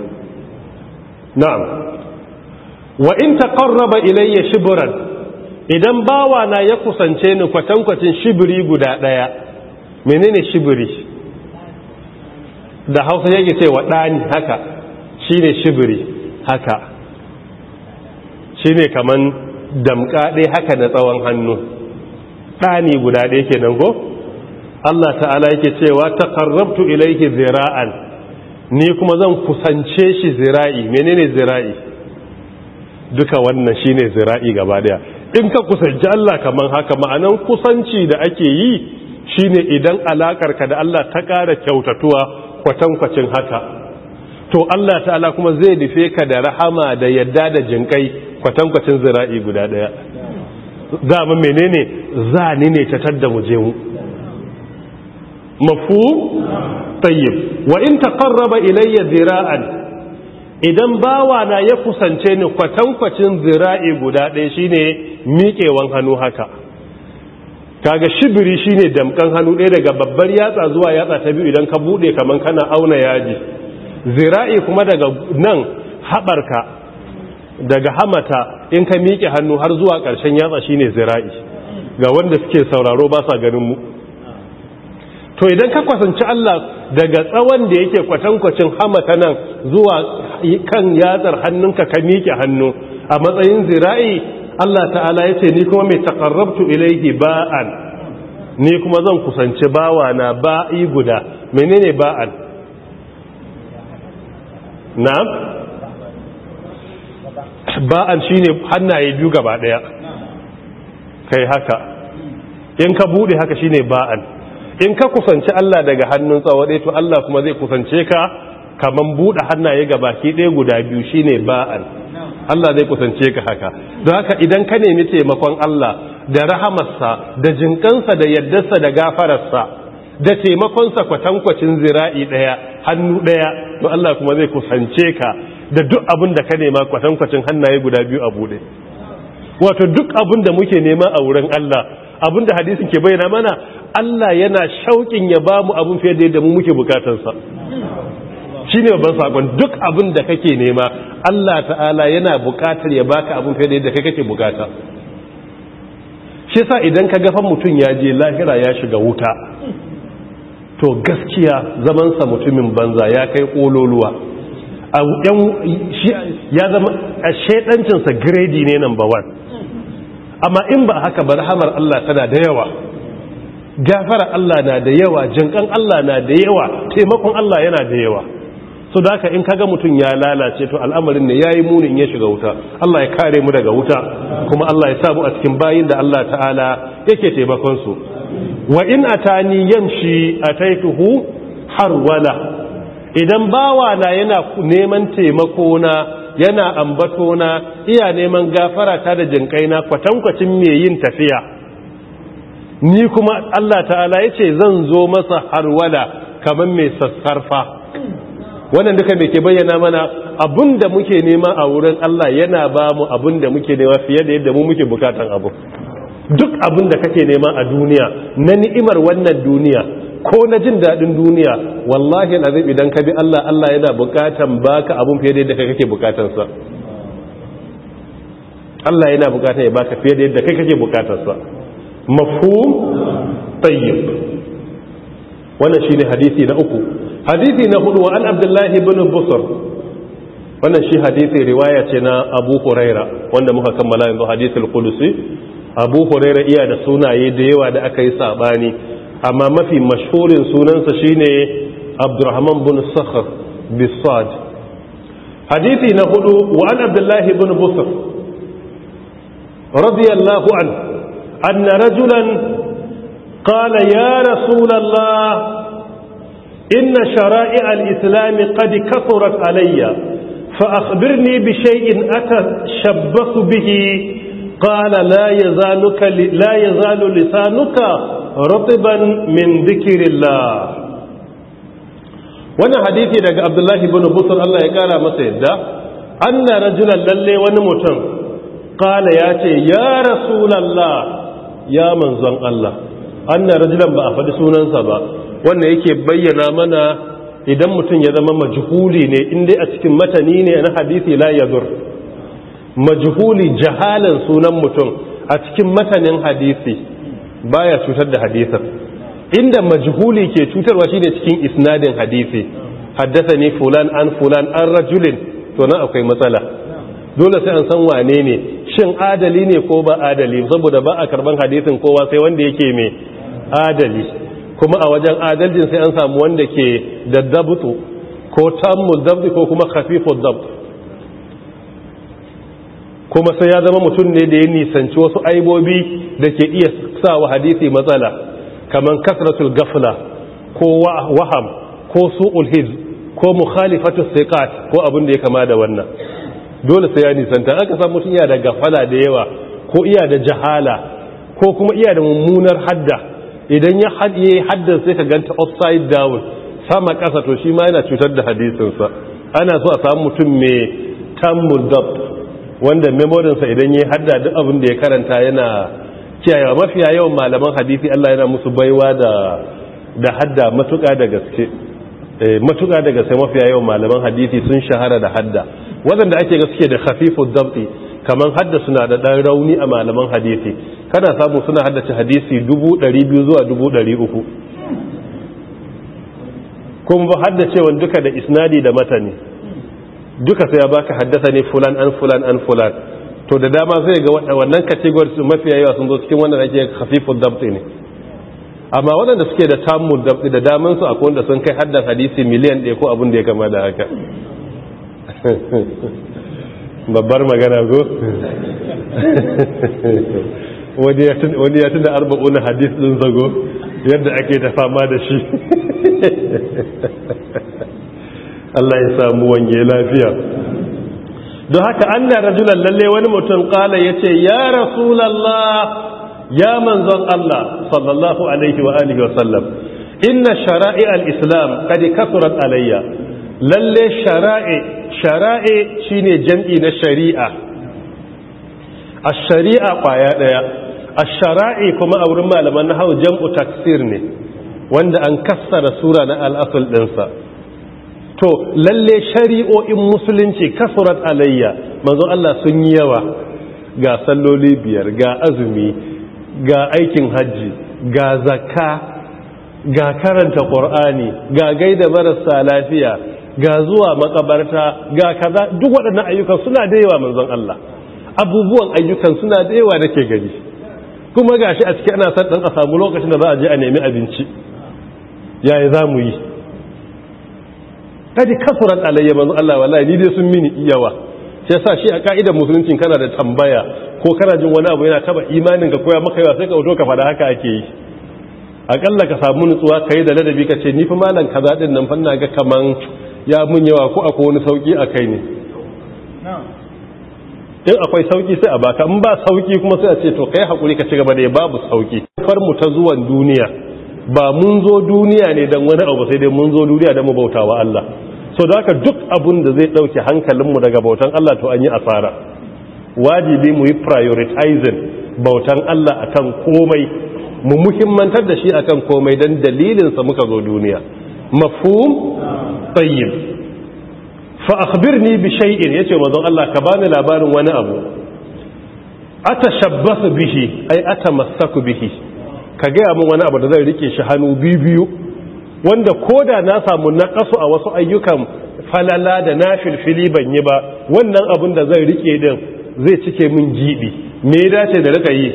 na'am wa in taqarraba ilayya shibran idan bawa na ya kusance ni kwatankwacin shibiri guda daya menene shibiri da Hausa yake cewa dani haka shine shibiri haka shine kaman damka dai haka na tsawon hannu dani guda ɗaya kenan ko Allah ta'ala yake cewa taqarrabtu ilayhi zira'an ni kuma zan kusance shi zira'i menene zira'i duka wannan shine zira'i gaba daya in ka kusanci Allah kaman haka ma'anan kusanci da ake yi shine idan alakar da Allah ta ƙara kyautatuwa kwatankwacin haka to Allah ta'ala kuma zai nufe ka da rahama da yadda da jinkai kwatankwacin zira'i guda daya dama menene zani ne ta tadda mu je mu mafu tayyib wa in taqarraba ilayya zira'an idan bawa na ya kusance ni kwatankwacin zira'i guda ɗaya shine miƙewan hannu haka kaga shibiri shine damkan hannu ɗaya daga babbar yatsa zuwa yatsa ta biyu idan ka bude kaman kana auna yaji zira'i kuma daga nan haɓarka daga hamata in ka miƙe hannu har zuwa ƙarshen yatsa shine zira'i ga wanda suke sauraro ba sa ganin mu to idan ka kwasance Allah daga tsawon da yake kwatankwacin hamata nan zuwa kan yatsar hannunka ka miƙe hannu a matsayin zira'i Allah ta'ala ya ce ni kuma mai takarrabtu ilaihi ba'an ni kuma zan kusance bawa na ba'i guda menene ba'an na ba'an shine hannaye biyu gaba daya kai haka in ka buɗe haka shine ba'an in ka kusance Allah daga hannun tsawo ɗaya to Allah kuma zai kusance ka kamar buɗe hannaye ga baki ɗaya guda biyu shine ba'an Allah zai kusance ka haka don haka idan ka nemi taimakon Allah da rahamarsa da jinkansa da yaddarsa da gafararsa da taimakonsa kwatankwacin zira'i ɗaya hannu ɗaya to Allah kuma zai kusance ka da duk abin da ka nema kwatankwacin hannaye guda biyu a buɗe wato duk abin da muke nema a wurin Allah da hadisin ke bayyana mana Allah yana shauƙin ya ba mu abin fiye da yadda mu muke bukatansa shi ne babban sakon duk abin da kake nema Allah ta'ala yana bukatar ya baka abin fiye da yadda kai kake bukata shi sa idan ka ga gafan mutum ya je lahira ya shiga wuta to gaskiya zamansa mutumin banza ya kai ƙololuwa a yan shi ya zama a shaidancinsa grade ne number one amma in ba haka ba rahamar Allah tana da yawa gafara Allah na da yawa jinkan Allah na da yawa taimakon Allah yana da yawa so da haka in kaga mutum ya lalace to al'amarin ne yayi munin ya shiga wuta Allah ya kare mu daga wuta kuma Allah ya sabu a cikin bayin da Allah ta'ala yake taimakon su wa in atani yamshi ataituhu harwala idan bawa na yana neman taimako na yana ambato na iya neman gafara ta da jinkaina kwatankwacin me yin tafiya ni kuma Allah ta'ala ya ce zan zo masa harwala kamar mai sassarfa wannan duka mai ke bayyana mana abun da muke nema a wurin Allah yana ba mu abun da muke nema fiye da yadda mu muke bukatan abu duk abinda kake nema a duniya na ni'imar wannan duniya ko na jin daɗin duniya wallahi azim idan ka bi Allah Allah yana bukatan baka abun fiye da yadda kai kake bukatansa Allah yana bukatan ya baka fiye da yadda kai kake bukatansa Mafu tayyib wannan shi ne hadisi na uku hadisi na hudu wa an abdullahi bin busr wannan shi hadisi riwaya ce na abu huraira wanda muka kammala yanzu hadisul qudusi abu huraira iya da sunaye da yawa da aka yi sabani amma mafi mashhurin sunansa shine abdurrahman bin sakhar bisad hadisi na hudu wa an abdullahi bin busr radiyallahu an anna rajulan قال يا رسول الله إن شرائع الإسلام قد كثرت علي فأخبرني بشيء أتشبث به qala la yazaluka yazalu lisanuka rutban min dhikrillah wannan hadisi daga Abdullahi ibn Busr Allah ya kara masa yadda anna rajulan lalle wani mutum qala ya ce ya rasulullah ya manzon Allah anna rajulan ba a faɗi sunansa ba wannan yake bayyana mana idan mutum ya zama majhuli ne dai a cikin matani ne na hadisi la yadur majhuli jahalan sunan mutum a cikin matanin hadisi baya cutar da hadisar, inda majhuli ke cutarwa shine cikin isnadin hadisi haddathani fulan an fulan an rajulin to nan akwai matsala dole sai an san wane ne shin adali ne ko ba adali saboda ba a karban hadisin kowa sai wanda yake mai adali kuma a wajen adalcin sai an samu wanda ke da dabtu ko tammul dabtu ko kuma khafifud dabtu kuma sai ya zama mutum ne da ya nisanci wasu aibobi da ke iya sa wa hadisi matsala kamar kasratul gafla ko waham ko su'ul hijj ko mukhalifatus siqat ko abin da ya kama da wannan dole sai ya nisanta ka san mutum iya da gafala da yawa ko iya da jahala ko kuma iya da mummunar hadda idan ya hadiye hadda sai ka ganta upside down sama kasa to shi ma yana cutar da hadisin sa ana so a samu mutum mai tammudab wanda memorinsa idan ya hadda duk abin da ya karanta yana kiyayewa mafiya yawan malaman hadisi Allah yana musu baiwa da da hadda matuƙa da gaske eh, matuƙa da gaske mafiya yawan malaman hadisi sun shahara da hadda waɗanda ake gaske da khafifu dabti kaman hadda suna da ɗan rauni a malaman hadisi kana samu suna haddace hadisi 200 zuwa 300 kuma wanda duka da isnadi da matani duka sai ya baka haddasa ne fulan an fulan an fulan to da dama zai ga wannan category su mafi yawa sun zo cikin wanda ake khafifud dabti ne amma wanda suke da tammul dabti da daman su akwai wanda sun kai hadda hadisi miliyan ɗaya ko abin da ya kama da haka <laughs> babbar magana zo <laughs> wani ya tuna arba'una hadis ɗin zago yadda ake ta fama da shi <laughs> Allah ya samu wange lafiya don haka anna rajulan lalle wani mutum kala yace ya rasulallah, ya manzon Allah sallallahu alaihi wa alihi wa sallam inna shara'i al-islam kadi kasurat alayya lalle shara'i shara'i shine jam'i na shari'a A sharia kwaya ɗaya, a sharai kuma a wurin malaman hau jam'u taksir ne wanda an kassara sura na al ɗinsa dinsa to lalle shari'o'in musulunci kasurat alayya manzon Allah sun yi yawa ga salloli biyar ga azumi ga aikin hajji ga zakka ga karanta qur'ani ga gaida marasa lafiya ga zuwa makabarta ga kaza duk waɗannan ayyukan suna da yawa manzon Allah abubuwan ayyukan suna da yawa nake gani kuma gashi a cikin ana san dan a samu lokacin da za a je a nemi abinci yayi mu yi kaji kasuran alayya manzo Allah wallahi ni dai sun mini iyawa sai sa shi a ka'idar musulunci kana da tambaya ko kana jin wani abu yana taba imanin ka koya maka yawa sai ka wuto ka fada haka ake yi akalla ka samu nutsuwa kai da ladabi ka ce ni fa malan kaza din nan fanna ga kaman ya mun yawa ko akwai wani sauki a kai ne in akwai sauki sai a baka in ba sauki kuma sai a ce to kai hakuri ka ci gaba da babu sauki far mu ta zuwan duniya ba mun zo duniya ne don wani abu sai dai mun zo duniya don mu bauta wa Allah so da haka duk abun da zai ɗauke hankalinmu daga bautan Allah to an yi asara wajibi mu yi prioritizing bautan Allah a kan komai mu muhimmantar da shi akan komai don dalilinsa muka zo duniya mafhum tsayin fa ni bi shay'in yace mazan Allah ka bani labarin wani abu shabbasu bihi ai ay masaku bihi ka gaya min wani abu da zai rike shi hannu biyu biyu wanda koda na samu naƙasu a wasu ayyukan falala da na filfili ban yi ba wannan abin da zai rike din zai cike min gibi me ya dace da rika yi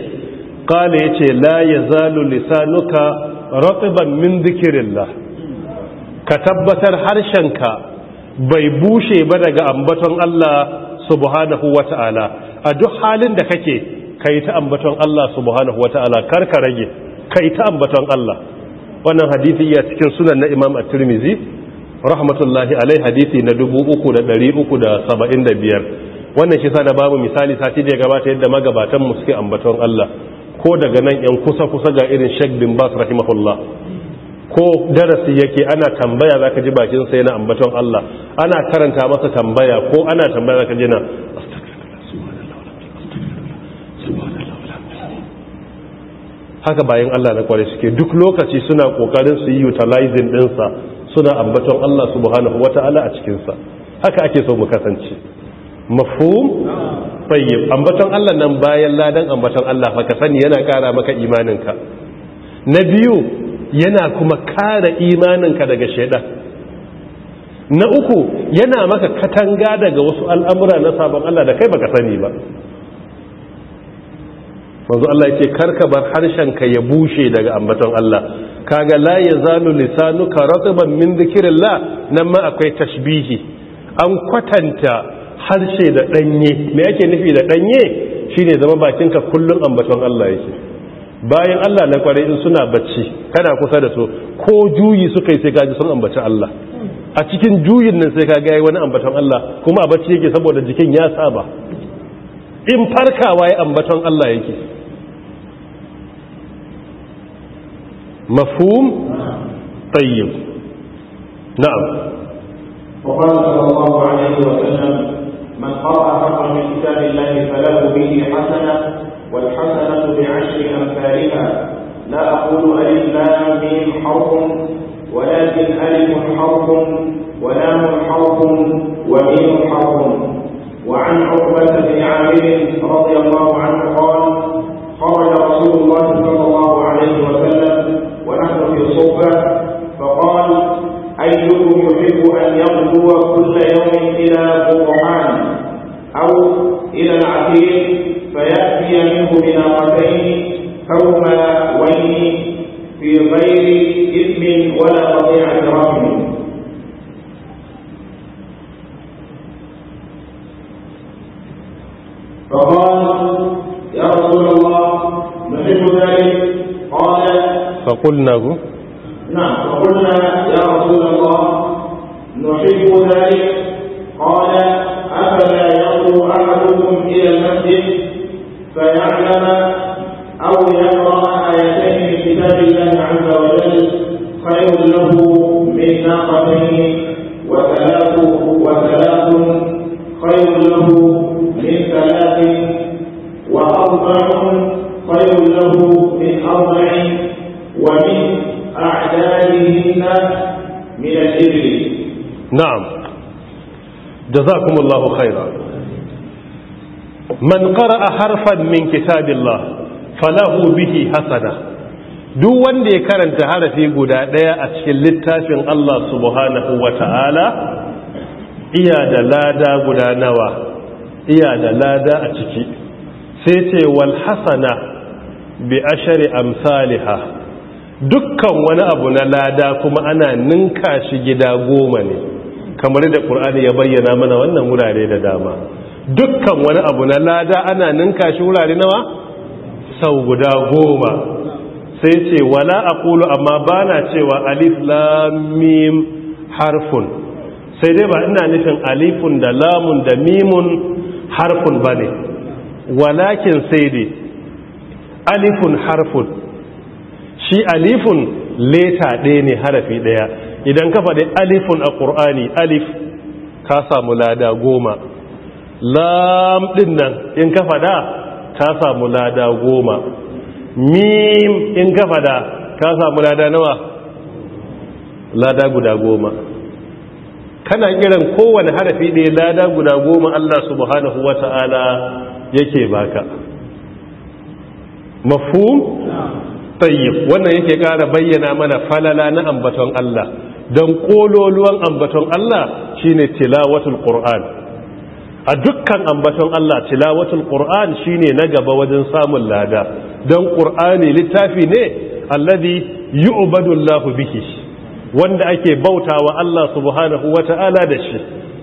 qala yace la yazalu lisanuka ratiban min dhikrillah ka tabbatar harshenka bai bushe ba daga ambaton Allah subhanahu wataala a duk halin da kake kai ta ambaton Allah subhanahu wataala kar ka rage kai ta ambaton Allah wannan hadisi ya cikin sunan na Imam At-Tirmidhi rahmatullahi alaihi hadisi na 3375 wannan shi sa da babu misali sati da ya gabata yadda magabatan mu suke ambaton Allah ko daga nan yan kusa kusa ga irin Sheikh bin Bas rahimahullah ko darasi yake ana tambaya zaka ji bakin sa na ambaton Allah ana karanta masa tambaya ko ana tambaya zaka ji na haka bayan Allah na kware suke duk lokaci suna kokarin su yi utilizing dinsa suna ambaton Allah subhanahu wataala a cikin sa haka ake so mu kasance mafhum tayyib ambaton Allah nan bayan ladan ambaton Allah fa ka sani yana kara maka imaninka na biyu yana kuma kara imaninka daga shaidan na uku yana maka katanga daga wasu al'amura na sabon Allah da kai baka sani ba manzo Allah yake ce karka bar harshen ka ya bushe daga ambaton Allah kaga la lisanu ka rataban min dhikrillah nan ma akwai tashbihi an kwatanta harshe da danye me yake nufi da danye shine zama bakinka kullun ambaton Allah yake bayan Allah na kware in suna bacci kana kusa da su ko juyi suka yi sai kaji sun ambaci Allah a cikin juyin nan sai kaga yayi wani ambaton Allah kuma a bacci yake saboda jikin ya saba in farkawa ya ambaton Allah yake مفهوم طيب نعم
وقال صلى الله عليه وسلم من قرأ حقا من كتاب الله فله به حسنة والحسنة بعشر أمثالها لا أقول ألف لام ميم حرف ولكن ألف حرف ولام حرف وميم حرف وعن عقبة بن عامر رضي الله عنه
man qara'a harfan min kitabillah falahu bihi hasana duk wanda ya karanta harafi guda daya a cikin littafin Allah subhanahu wata'ala iya da lada guda nawa iya da lada a ciki sai ce wal hasana bi ashari amsalha dukkan wani abu na lada kuma ana ninka shi gida goma ne kamar da Qur'ani ya bayyana mana wannan wurare da dama dukkan wani abu na lada ana ninka shi wurare nawa sau guda goma sai ce wala a kulu amma ba na cewa alif lamim harfun sai dai ba ina nufin alifun da lamun da mimun harfun ba ne walakin sai dai alifun harfun shi alifun leta ɗaya ne harafi ɗaya idan ka faɗi alifun a ƙur'ani alif ka samu lada goma lam din nan in ka fada ka samu lada goma mim in ka fada ka samu lada nawa lada guda goma kana kiran kowane harafi ne lada guda goma Allah subhanahu wa ta'ala yake baka mafhum tayyib wannan yake ƙara bayyana mana falala na ambaton Allah dan ƙololuwan ambaton Allah shine tilawatul qur'an a dukkan ambaton Allah tilawatul qur'an shine na gaba wajen samun lada don qur'ani littafi ne alladhi yu'badu Allahu bihi wanda ake bautawa Allah subhanahu wata'ala da shi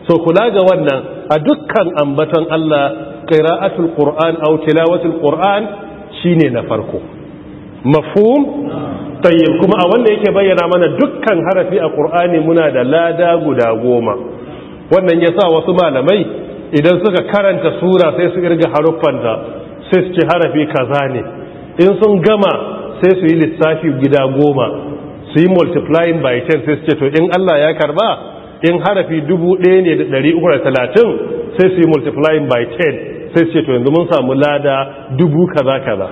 so kula ga wannan a dukkan ambaton Allah qira'atul qur'an aw tilawatul qur'an shine na farko mafhum tayyib kuma a wanda yake bayyana mana dukkan harafi a qur'ani muna da lada guda goma wannan yasa wasu malamai idan suka karanta sura sai su irga haruffanta sai su ci harafi kaza ne in sun gama sai su yi lissafi gida goma su yi multiplying by 10 sai su ce to in Allah ya karba in harafi 1330 sai su yi multiplying by 10 sai su ce to yanzu mun samu lada dubu kaza kaza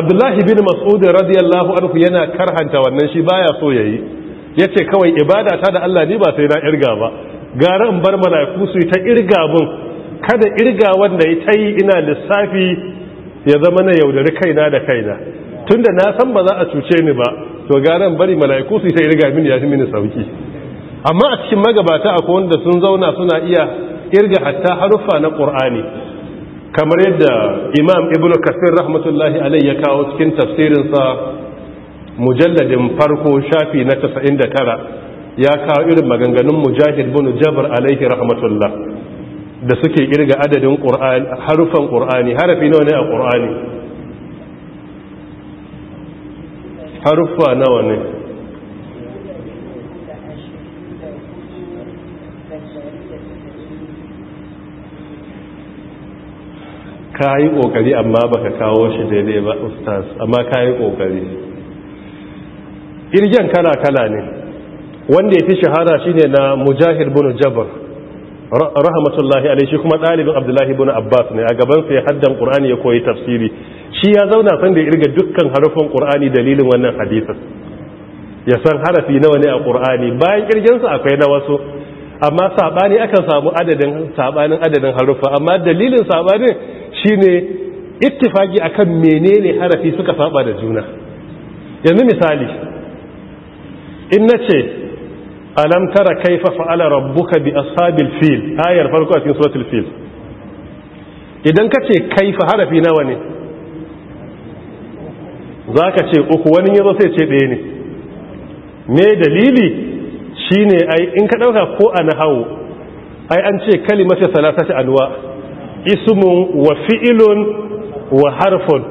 abdullahi bin masudin radiyallahu anhu yana karhanta wannan shi baya so ya yi. Ya ce kawai ibada ta da Allah ni ba sai na irga ba gara in bar malaku su yi ta irga kada irga wanda ya ta yi ina lissafi ya zama na yaudari kaina da kaina tunda na san ba za a cuce ni ba to gara in bari malaku su yi ta irga mini ya fi mini sauki amma a cikin magabata akwai wanda sun zauna suna iya irga hatta haruffa na ƙur'ani kamar yadda imam ibn kasir rahmatullahi alai ya kawo cikin tafsirinsa mujalladin farko shafi na 99 ya kawo irin maganganun mujahid bin jabr alaihi rahmatullah da suke kirga adadin qur'ani harufan qur'ani harafi nawa ne a qur'ani
harufa nawa ne
ka yi ƙoƙari amma baka kawo shi daidai ba ustaz amma ka yi ƙoƙari kala-kala ne wanda ya fi shahara shine na mujahid bin jabr rahmatullahi alaihi shi kuma dalibin abdullahi bin abbas ne a gaban sa ya haddan qur'ani ya koyi tafsiri shi ya zauna san da ya irga dukkan harufan qur'ani dalilin wannan hadisin ya san harafi nawa ne a qur'ani bayan kirgin sa akwai na wasu amma sabani akan samu adadin sabanin adadin harufa amma dalilin sabanin shine ittifaki akan menene harafi suka saba da juna yanzu misali in na ce. alam tara kaifa fa'ala rabbuka bi ashabil fil ayar farko a cikin suratul fil idan ka ce kaifa harafi nawa ne za ka ce uku wani yazo sai ce ɗaya ne me dalili shine ai in ka ɗauka ko a nahawu ai an ce kalimata salasati alwa ismun wa fi'ilun wa harfun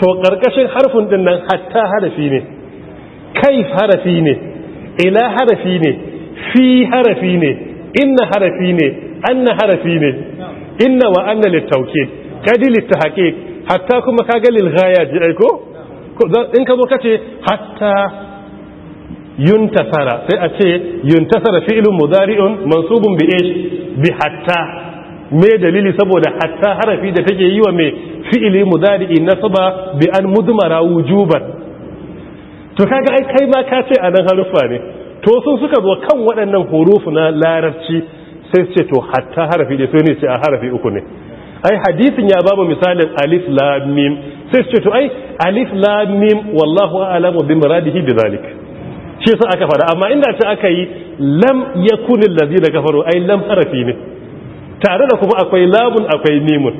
to ƙarƙashin harfun ɗinnan hatta harafi ne kaif harafi ne ila harafi ne fi harafi ne inna harafi ne anna harafi ne inna wa anna littauke kaji littahaƙe hatta kuma kaga ghaya ji aiko in ka zo ka ce hatta yuntasara sai a ce yuntasara fi'lun mudari'un mansubun bi ish bi hatta me dalili saboda hatta harafi da take yi wa mai fi'ili mudari'i nasaba bi an mudmara wujuban to kaga ai kai ma ka ce anan harufa ne to sun suka zo kan waɗannan hurufu na larabci sai ce to hatta harafi da sai ne ce a harafi uku ne ai hadisin ya babu misalin alif lam mim sai ce to ai alif lam mim wallahu a'lamu bi muradihi bi zalik shi sai aka fara amma inda ce aka yi lam yakun allazina kafaru ai lam harafi ne tare da kuma akwai lamun akwai mimun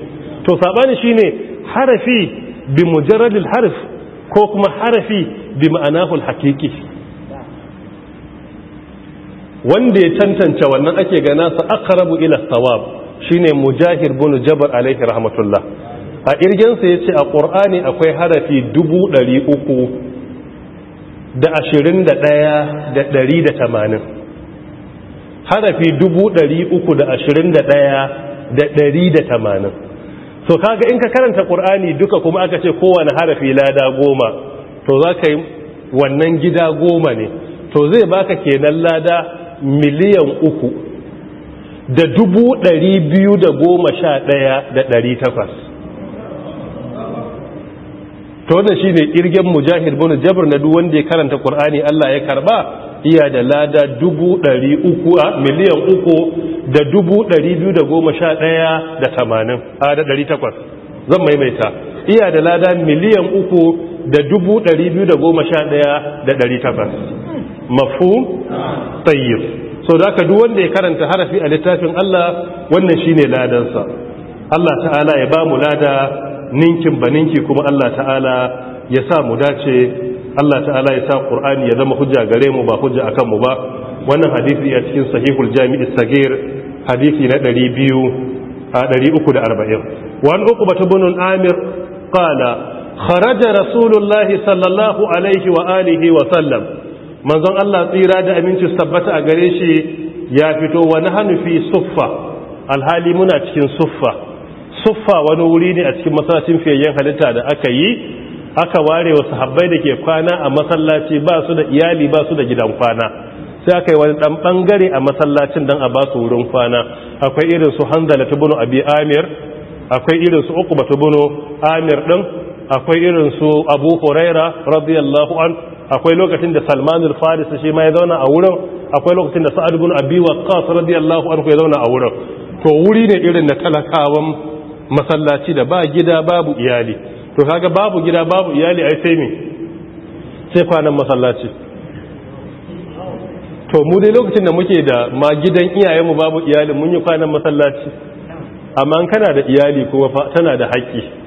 to sabani shine harafi bi mujarradil harf ko kuma harafi bi ma'anahu al haqiqi wanda ya tantance wannan ake ga nasa aqrabu ila thawab shine mujahir bin jabal alaihi rahmatullah a irgensa yace a qur'ani akwai harafi 300 da harafi 321 da so kaga in ka karanta qur'ani duka kuma aka ce kowane harafi lada goma to zaka yi wannan gida goma ne to zai baka kenan lada miliyan uku da dubu ɗari biyu da goma sha ɗaya da ɗari takwas ta wanda shi ne ƙirgen mujahid bin jabar na duk wanda ya karanta ƙur'ani allah ya karba iya da lada dubu ɗari uku a miliyan uku da dubu ɗari biyu da goma sha ɗaya da tamanin a da ɗari takwas zan maimaita iya da lada miliyan uku da dubu ɗari biyu da goma sha ɗaya da ɗari takwas mafu tayyib so da aka wanda ya karanta harafi a littafin Allah wannan shi ne ladansa Allah ta'ala ya ba mu lada ninkin ba ninki kuma Allah ta'ala ya sa mu dace Allah ta'ala ya sa Qur'ani ya zama hujja gare mu ba hujja akan mu ba wannan hadisi a cikin sahihul jami'i sagir hadisi na 200 a 340 uku ba ta bunun amir qala kharaja rasulullahi sallallahu alaihi الله عليه wa sallam manzon Allah tsira da aminci tabbata a gare shi ya fito wani nahnu fi suffa alhali muna cikin صفه صفه wani wuri ne a cikin masallacin fiyayyen halitta da aka yi aka ware wa sahabbai da ke kwana a masallaci ba su da iyali ba su da gidan kwana sai aka yi wani dan bangare a masallacin dan a ba su wurin kwana akwai irin su hanzala ibn abi amir akwai irin su uqba ibn amir din akwai irin su abu huraira radiyallahu an akwai lokacin da salman al-faris shi ma ya zauna a wurin akwai lokacin da sa'ad ibn abi waqqas radiyallahu ku ya zauna a wurin to wuri ne irin na talakawan masallaci da ba gida babu iyali to kaga babu gida babu iyali ai sai me sai kwanan masallaci to mu dai lokacin da muke da ma gidan iyayenmu babu iyali mun yi kwanan masallaci amma kana da iyali kuma tana da haƙƙi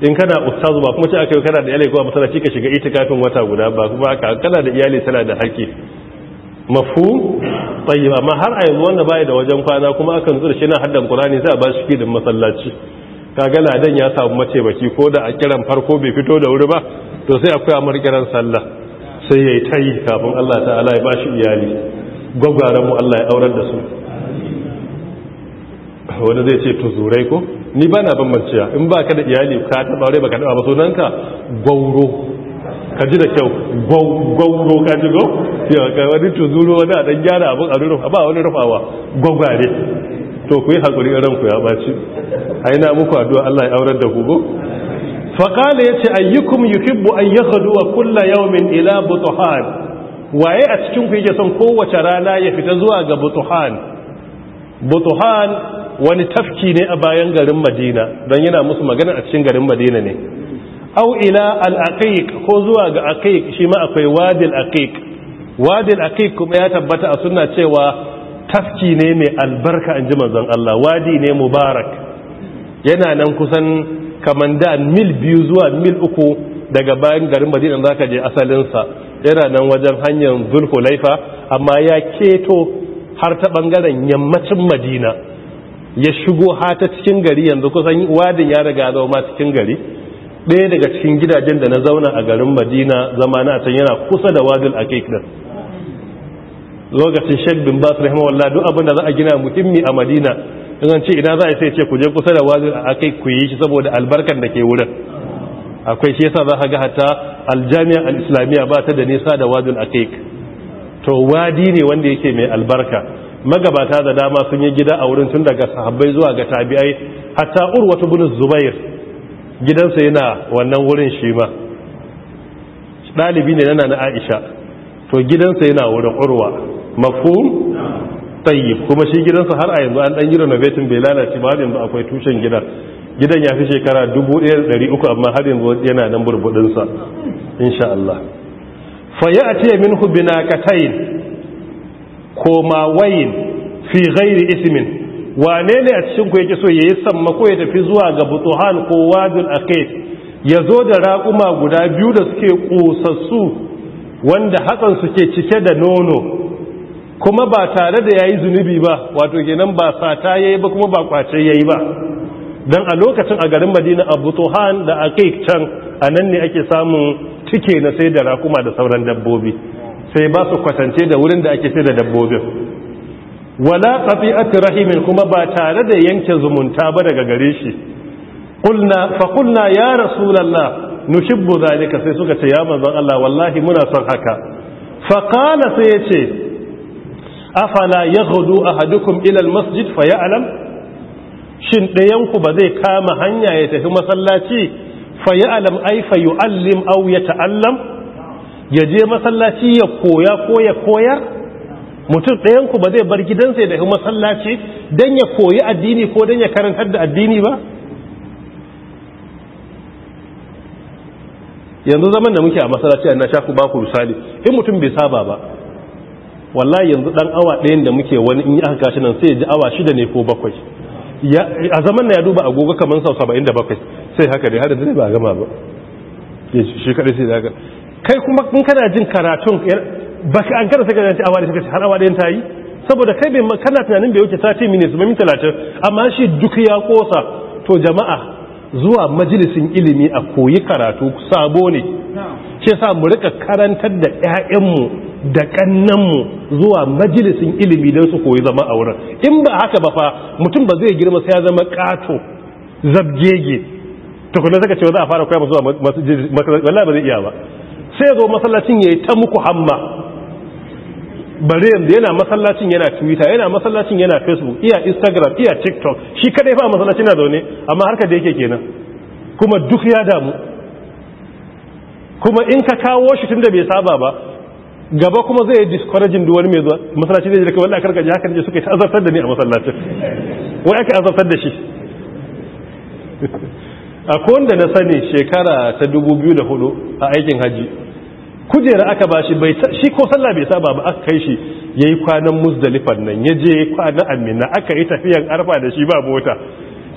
in kana ustazu ba kuma ce aka yi kana da iyali a masallaci ka shiga ita kafin wata guda ba kuma aka kana da iyali tana da haƙƙi mafu tsayi amma har a yanzu wanda bai da wajen kwana kuma akan zura shi na haddan qur'ani sai a ba shi kidin masallaci kaga ladan ya samu mace baki ko da a kiran farko bai fito da wuri ba to sai akwai amar kiran sallah sai yayi tayi kafin Allah ta'ala ya ba bashi iyali gwagwaran mu Allah ya aurar da su wanda zai ce tuzurai ko ni ba na bambanciya in ba ka da iyali ka taɓa rai ba ka taɓa ba sunanka gwauro ka ji da kyau gwauro ka ji gau ka wani tuzuru wani a gyara abin a rufa ba wani rufawa gwagware to ku yi haƙuri ranku ya ɓaci a yi na muku addu'a Allah ya aurar da gugu faƙala ya ce ayyukum yuhibbu an yi haduwa kulla yawmin ila butuhan waye a cikinku yake son kowace rana ya fita zuwa ga butuhan butuhan wani tafki ne a bayan garin madina don yana musu magana a cikin garin madina ne au ila al'aqiq ko zuwa ga aqiq shi ma akwai wadil aqiq wadil aqiq kuma ya tabbata a sunna cewa tafki ne mai albarka in ji manzon Allah wadi ne mubarak yana nan kusan kaman mil biyu zuwa mil uku daga bayan garin madina zaka je asalinsa yana nan wajen hanyar zulhulaifa amma ya keto har ta bangaren yammacin madina ya shigo hata cikin gari yanzu kusan wadin ya riga zama cikin gari ɗaya daga cikin gidajen da na zauna a garin madina zama na can yana kusa da wadin a kekdar lokacin shek bin basu rahimahullah duk abin da za a gina muhimmi a madina ɗan ce ina za a sai ce ku je kusa da wadin a kai ku yi shi saboda albarkar da ke wurin akwai shi yasa za ka ga hatta aljami'a al-islamiyya ba ta da nisa da wadin a to wadi ne wanda yake mai albarka magabata da dama sun yi gida a wurin tun daga sahabbai zuwa ga tabi'ai hatta urwatu bin zubair gidansa yana wannan wurin shi ma dalibi ne yana na aisha to gidansa yana wurin urwa mafhum tayyib kuma shi gidansa har a yanzu an dan yi betin bai lalace ba yanzu akwai tushen gida. gidan ya fi shekara 1300 amma har yanzu yana nan burbudin sa insha Allah fa ya'ti minhu binaqatayn ko ma wayin fi ghairi ismin wane ne a cikin ku yake so yayi samma ko ya tafi zuwa ga butuhan ko wadul aqid ya zo da raƙuma guda biyu da suke ƙusassu wanda hakan suke cike da nono kuma ba tare da yayi zunubi ba wato kenan ba sata yayi ba kuma ba kwace yayi ba dan a lokacin a garin Madina Abu Tuhan da Aqiq can anan ne ake samun tike na sai da rakuma da sauran dabbobi sai ba su kwatance da wurin da ake sai da dabbobin wala qati'ati rahimin kuma ba tare da yanke zumunta ba daga gare shi qulna ya rasulullah nushibbu zalika sai suka ce ya Allah wallahi muna son haka fa qala sai yace afala a ahadukum ilal masjid fa ya'lam shin ɗayan ku ba zai kama hanya ya tafi masallaci fa alam ay fa yu'allim aw yata'allam ya je masallaci ya koya ko ya koyar mutum ɗayanku ba zai bar gidansa ya daga masallaci don ya koyi addini ko don ya karantar da addini ba yanzu zaman da muke a masallaci a na shaku baku misali in mutum bai saba ba wallahi yanzu dan awa ɗayan da muke wani in yi aka kashi nan sai ya ji awa shida ne ko bakwai a zaman na ya duba agogo kamar sau saba'in da bakwai sai haka dai har da zai ba gama ba shi sai da haka kai kuma in kana jin karatun ba ka an karanta ganin awa da suka ce har awa ɗayan ta yi saboda kai bai kana tunanin bai wuce sati minutes ba min talatin amma shi duk ya kosa to jama'a zuwa majalisin ilimi a koyi karatu sabo ne ce sa mu rika karantar da ƴaƴanmu da kannanmu zuwa majalisin ilimi don su koyi zama a wurin in ba haka ba fa mutum ba zai girma sai ya zama kato zabgege to kullum ce za a fara koya zuwa masu wallahi ba zai iya ba sai zo masallacin ya yi ta muku hamma bare yanzu yana masallacin yana twitter yana masallacin yana facebook iya instagram iya tiktok shi kadai fa masallacin na zaune amma harka da yake kenan kuma duk ya damu kuma in ka kawo shi tun da bai saba ba gaba kuma zai yi discouraging da wani mai zuwa masallaci zai jirka wanda karka haka ne suka azabtar da ni a masallacin wai aka azabtar da shi <laughs> a na sani shekara ta 2004 a aikin hajji. kujera aka ba bai shi ko sallah bai saba ba aka kai shi Ya yi kwanan musdalifan nan je kwanan amina aka yi tafiyan arfa da shi ba mota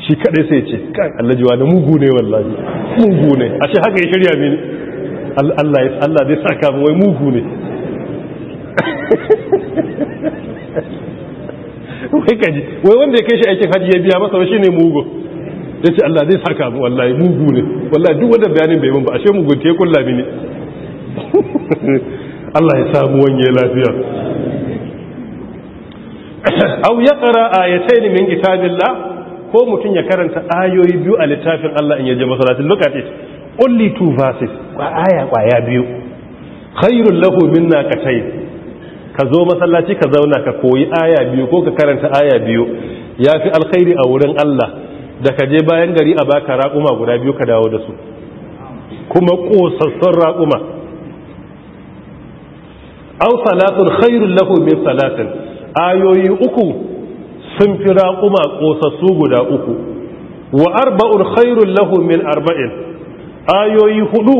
shi kadai sai ce kan Allah na mugu ne wallahi mugu ne a shi haka ya shirya mini Allah ya Allah zai sa mu wai mugu ne <laughs> wai kaji wanda ya kai shi aikin haji ya biya masa wai ne mugu Ya ce Allah zai sa mu wallahi mugu ne wallahi duk wanda bayanin bai yi ba ashe mugunta ya kulla mini Allah ya samu wanye lafiya au ya ƙara ayatai min kitabillah ko mutum ya karanta ayoyi biyu a littafin Allah in yaje masallaci look at it only two verses aya ya biyu khairul lahu minna katay ka zo masallaci ka zauna ka koyi aya biyu ko ka karanta aya biyu yafi alkhairi a wurin Allah da ka je bayan gari a baka raƙuma guda biyu ka dawo da su kuma ƙosassun raƙuma aw salatun khairul lahu min salatin ayoyi uku sun fi raƙuma ƙosassu guda uku wa arba'un khairul lahu min arba'in ayoyi hudu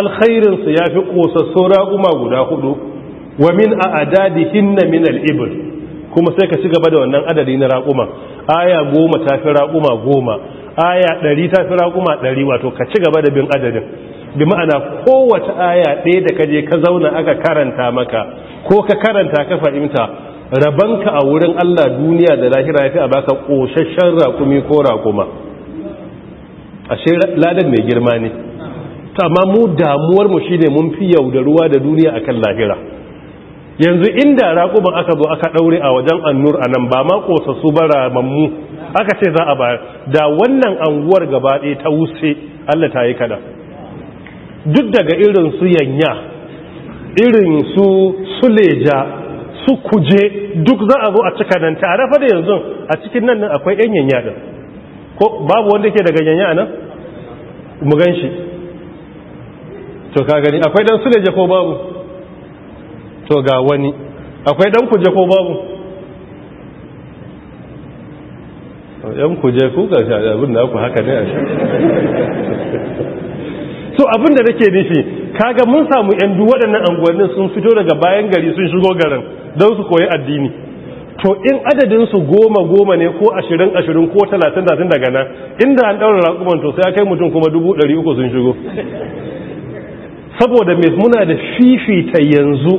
alkhairin su yafi kosassu raƙuma guda hudu wa min na min al kuma sai ka ci gaba da wannan adadi na raquma aya goma ta fi raquma goma aya ɗari ta fi raquma ɗari wato ka ci gaba da bin adadin bi ma'ana kowace aya ɗaya da kaje ka zauna aka karanta maka ko ka karanta ka fahimta rabanka a wurin Allah duniya da lahira ya fi a baka ƙoshashen raƙumi ko raƙuma ashe ladar mai girma ne amma mu damuwarmu shi ne mun fi yaudaruwa da duniya a kan lahira yanzu inda rakuma aka zo aka ɗaure a wajen annur a nan ba ma ƙosassu ba ramammu aka ce za a bayar da wannan anguwar gaba ɗaya ta wuce allah ta yi kada duk daga irin su yanya irin su suleja su kuje duk za a zo a cika nan tare fa da yanzu a cikin nan akwai yan yanya din ko babu wanda ke daga yanya nan mu gan shi to ka gani akwai dan suleja ko babu to ga wani akwai dan kuje ko babu yan kuje ku ga shi abin da ku haka ne a shi <laughs> so abin da nake nufi kaga mun samu yan duk waɗannan anguwannin sun fito daga bayan gari sun shigo garin don su koyi addini to in adadin su goma goma ne ko ashirin ashirin ko talatin talatin daga nan inda an ɗaura rakuman to sai kai mutum kuma dubu ɗari uku sun shigo saboda mai muna da fifita yanzu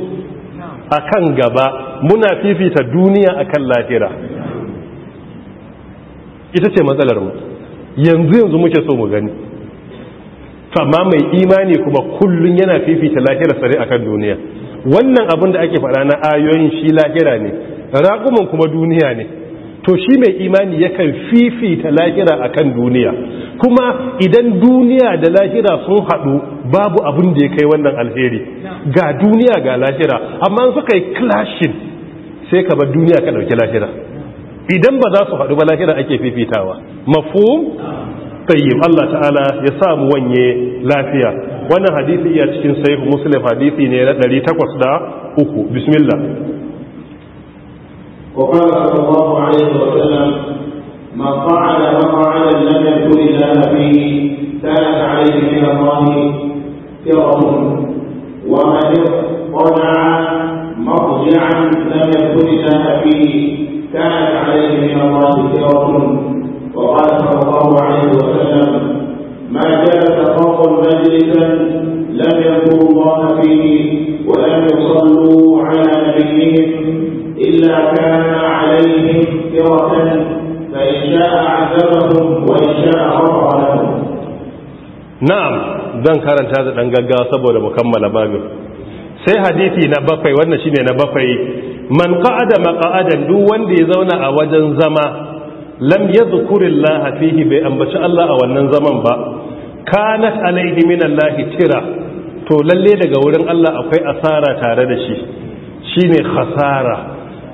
a kan gaba muna fifita duniya a kan lafira, ita ce matsalar mu yanzu yanzu muke so mu gani to amma mai imani kuma kullun yana fifita lahira sare akan duniya wannan abin da ake faɗa na ayoyin shi lahira ne raguman kuma duniya ne to shi mai imani yakan fifita lahira akan duniya kuma idan duniya da lahira sun haɗu babu abin da ya kai wannan alheri ga duniya ga lahira amma suka yi clashing sai ka bar duniya ka ɗauki lahira idan ba za su haɗu ba lahira ake fifitawa mafhum tayyib Allah ta'ala ya samu wanye lafiya wannan hadisi iya cikin sahih muslim hadisi ne na 803 bismillah
وقال صلى الله عليه وسلم من قعد مقعدا لم يكن الا فيه كانت عليه من الله كره ومن اطلع مرجعا لم يكن الا فيه كانت عليه من الله كره وقال صلى الله عليه وسلم ما جلس قوم مجلسا لم يذكروا الله فيه ولم يصلوا على نبيهم كان عليهم شاء عذبهم شاء غفر لهم
نعم zan karanta da ɗan gaggawa saboda mu kammala babin sai hadisi na bakwai wannan shine na bakwai man qa'ada maq'adan duk wanda ya zauna a wajen zama lam yadhkurillaha fihi bai ambaci Allah a wannan zaman ba kanat alaihi minallahi tira to lalle daga wurin Allah akwai asara tare da shi shine khasara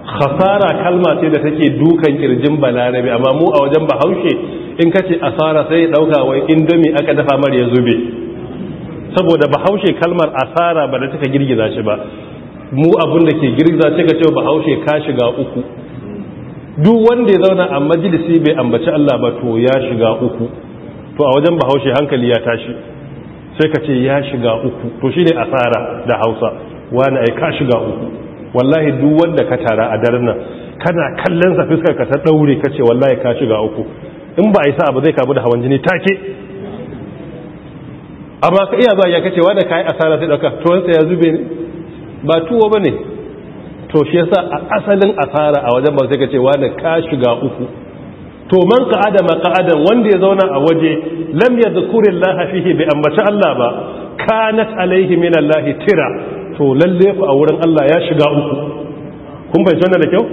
khasara kalma ce da take dukan kirjin balarabe amma mu a wajen bahaushe in kace asara sai ya ɗauka wai indomi aka dafa mar ya zube saboda bahaushe kalmar asara ba da take girgiza shi ba mu abun da ke girgiza shi ka bahaushe ka shiga uku duk wanda ya zauna a majalisi bai ambaci Allah ba to ya shiga uku to a wajen bahaushe hankali ya tashi sai ka ce ya shiga uku to shine asara da Hausa wani ai ka shiga uku wallahi duk wanda ka tara a daren nan kana kallon sa fuskar ka ta daure ka ce wallahi ka shiga uku in ba a yi sa ba zai kamu da hawan jini take amma ka iya zuwa ya kace wanda yi asara sai dauka to sai ya zube ne ba tuwo bane to shi yasa a asalin asara a wajen ba sai ka wani ka shiga uku to man qa'ada maqa'adan wanda ya zauna a waje lam yadhkurillaha fihi bi ambaci Allah ba kanat alaihi minallahi tira to lalle ku a wurin Allah ya shiga uku kun bai sanar da kyau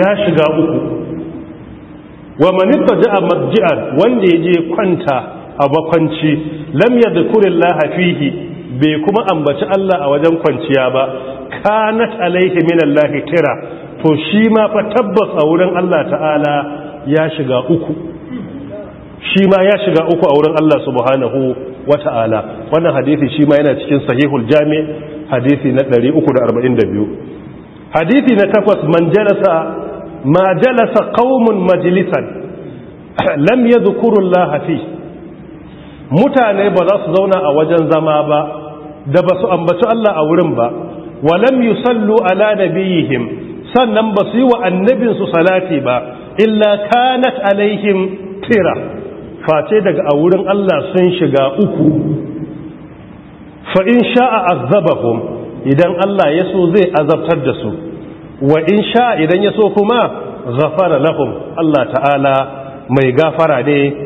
ya shiga uku wa man ittaja'a marji'an wanda yaje kwanta a bakwanci lam yadhkurillaha fihi bai kuma ambaci Allah a wajen kwanciya ba kanat alaihi minallahi kira. to shi ma fa tabbas a wurin Allah ta'ala ya shiga uku shi ma ya shiga uku a wurin Allah subhanahu wata'ala wannan hadisi shi ma yana cikin sahihul jami hadisi na 342 hadisi na takwas man jalasa ma jalasa qaumun majlisan <clears throat> lam yadhkuru fihi mutane ba za su zauna a wajen zama ba da ba su ambaci Allah a wurin ba walam sallu ala nabiyihim sannan ba su yi wa annabinsu salati ba illa kanat alaihim tira face daga a wurin Allah sun shiga uku fa a sha'a azabahum idan Allah ya so zai azabtar da su wa in sha idan ya so kuma zafara lahum Allah ta'ala mai gafara ne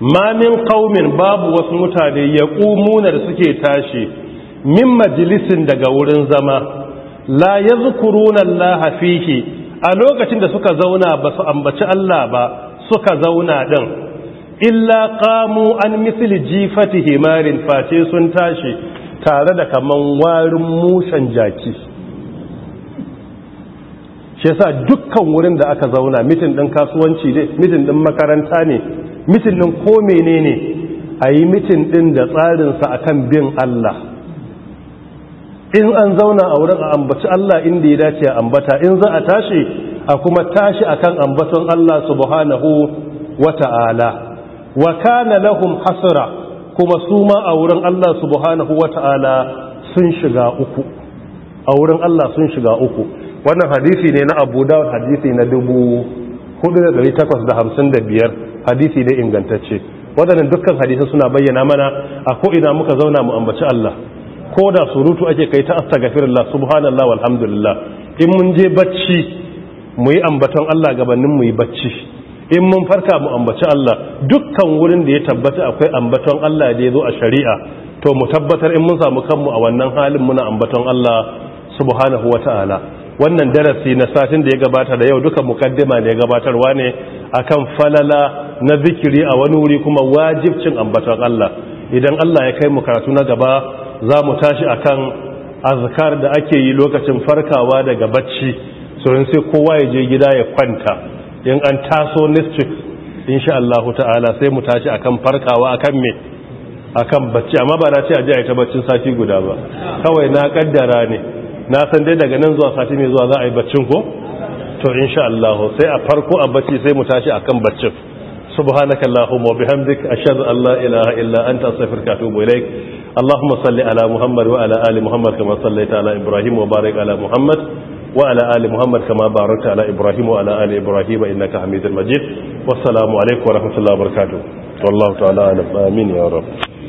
Mamin min babu wasu mutane yaqumuna da suke tashi min majalisin daga wurin zama la yadhkuruna allaha fihi a lokacin da suka zauna ba su ambaci Allah ba suka zauna ɗin? illa qamu an misli jifati himarin face sun tashi tare da kaman warin musan jaki shi yasa dukkan wurin da aka zauna mitin din kasuwanci ne mitin din makaranta ne mitin din ko menene a yi mitin din da tsarinsa akan bin Allah in an zauna a wurin a ambaci Allah inda ya dace a ambata in za a tashi a kuma tashi akan ambaton Allah subhanahu wata'ala wa kana lahum hasra kuma su ma a wurin Allah subhanahu wata'ala sun shiga uku a wurin Allah sun shiga uku wannan hadisi ne na Abu Dawud hadisi na dubu 4855 hadisi ne ingantacce waɗannan dukkan hadisi suna bayyana mana a ko ina muka zauna mu ambaci Allah ko da surutu ake kai ta astaghfirullah subhanallah walhamdulillah in mun je bacci mu yi ambaton Allah gabanin mu yi bacci in mun farka mu ambaci Allah dukkan wurin da ya tabbata akwai ambaton Allah da ya zo a shari'a to mu tabbatar in mun samu kanmu a wannan halin muna ambaton Allah subhanahu wata'ala wannan darasi na satin da ya gabata da yau duka mukaddima da ya gabatarwa ne akan falala na zikiri a wani wuri kuma wajibcin ambatan Allah idan Allah ya kai mu karatu na gaba za mu tashi akan azkar da ake yi lokacin farkawa daga bacci sauran sai kowa ya je gida ya kwanta in an taso next insha Allah ta'ala sai mu tashi akan farkawa akan me akan bacci amma ba na ce a ji a yi ta baccin sati guda ba kawai na kaddara ne na san dai daga nan zuwa sati mai zuwa za a yi baccin ko to insha Allah sai a farko a bacci sai mu tashi akan baccin سبحانك اللهم وبحمدك أشهد أن لا إله إلا أنت أستغفرك وأتوب إليك اللهم صل على محمد وعلى آل محمد كما صليت على إبراهيم وبارك على محمد وعلى آل محمد كما باركت على إبراهيم وعلى آل إبراهيم إنك حميد مجيد والسلام عليكم ورحمة الله وبركاته والله تعالى أعلم آمين يا
رب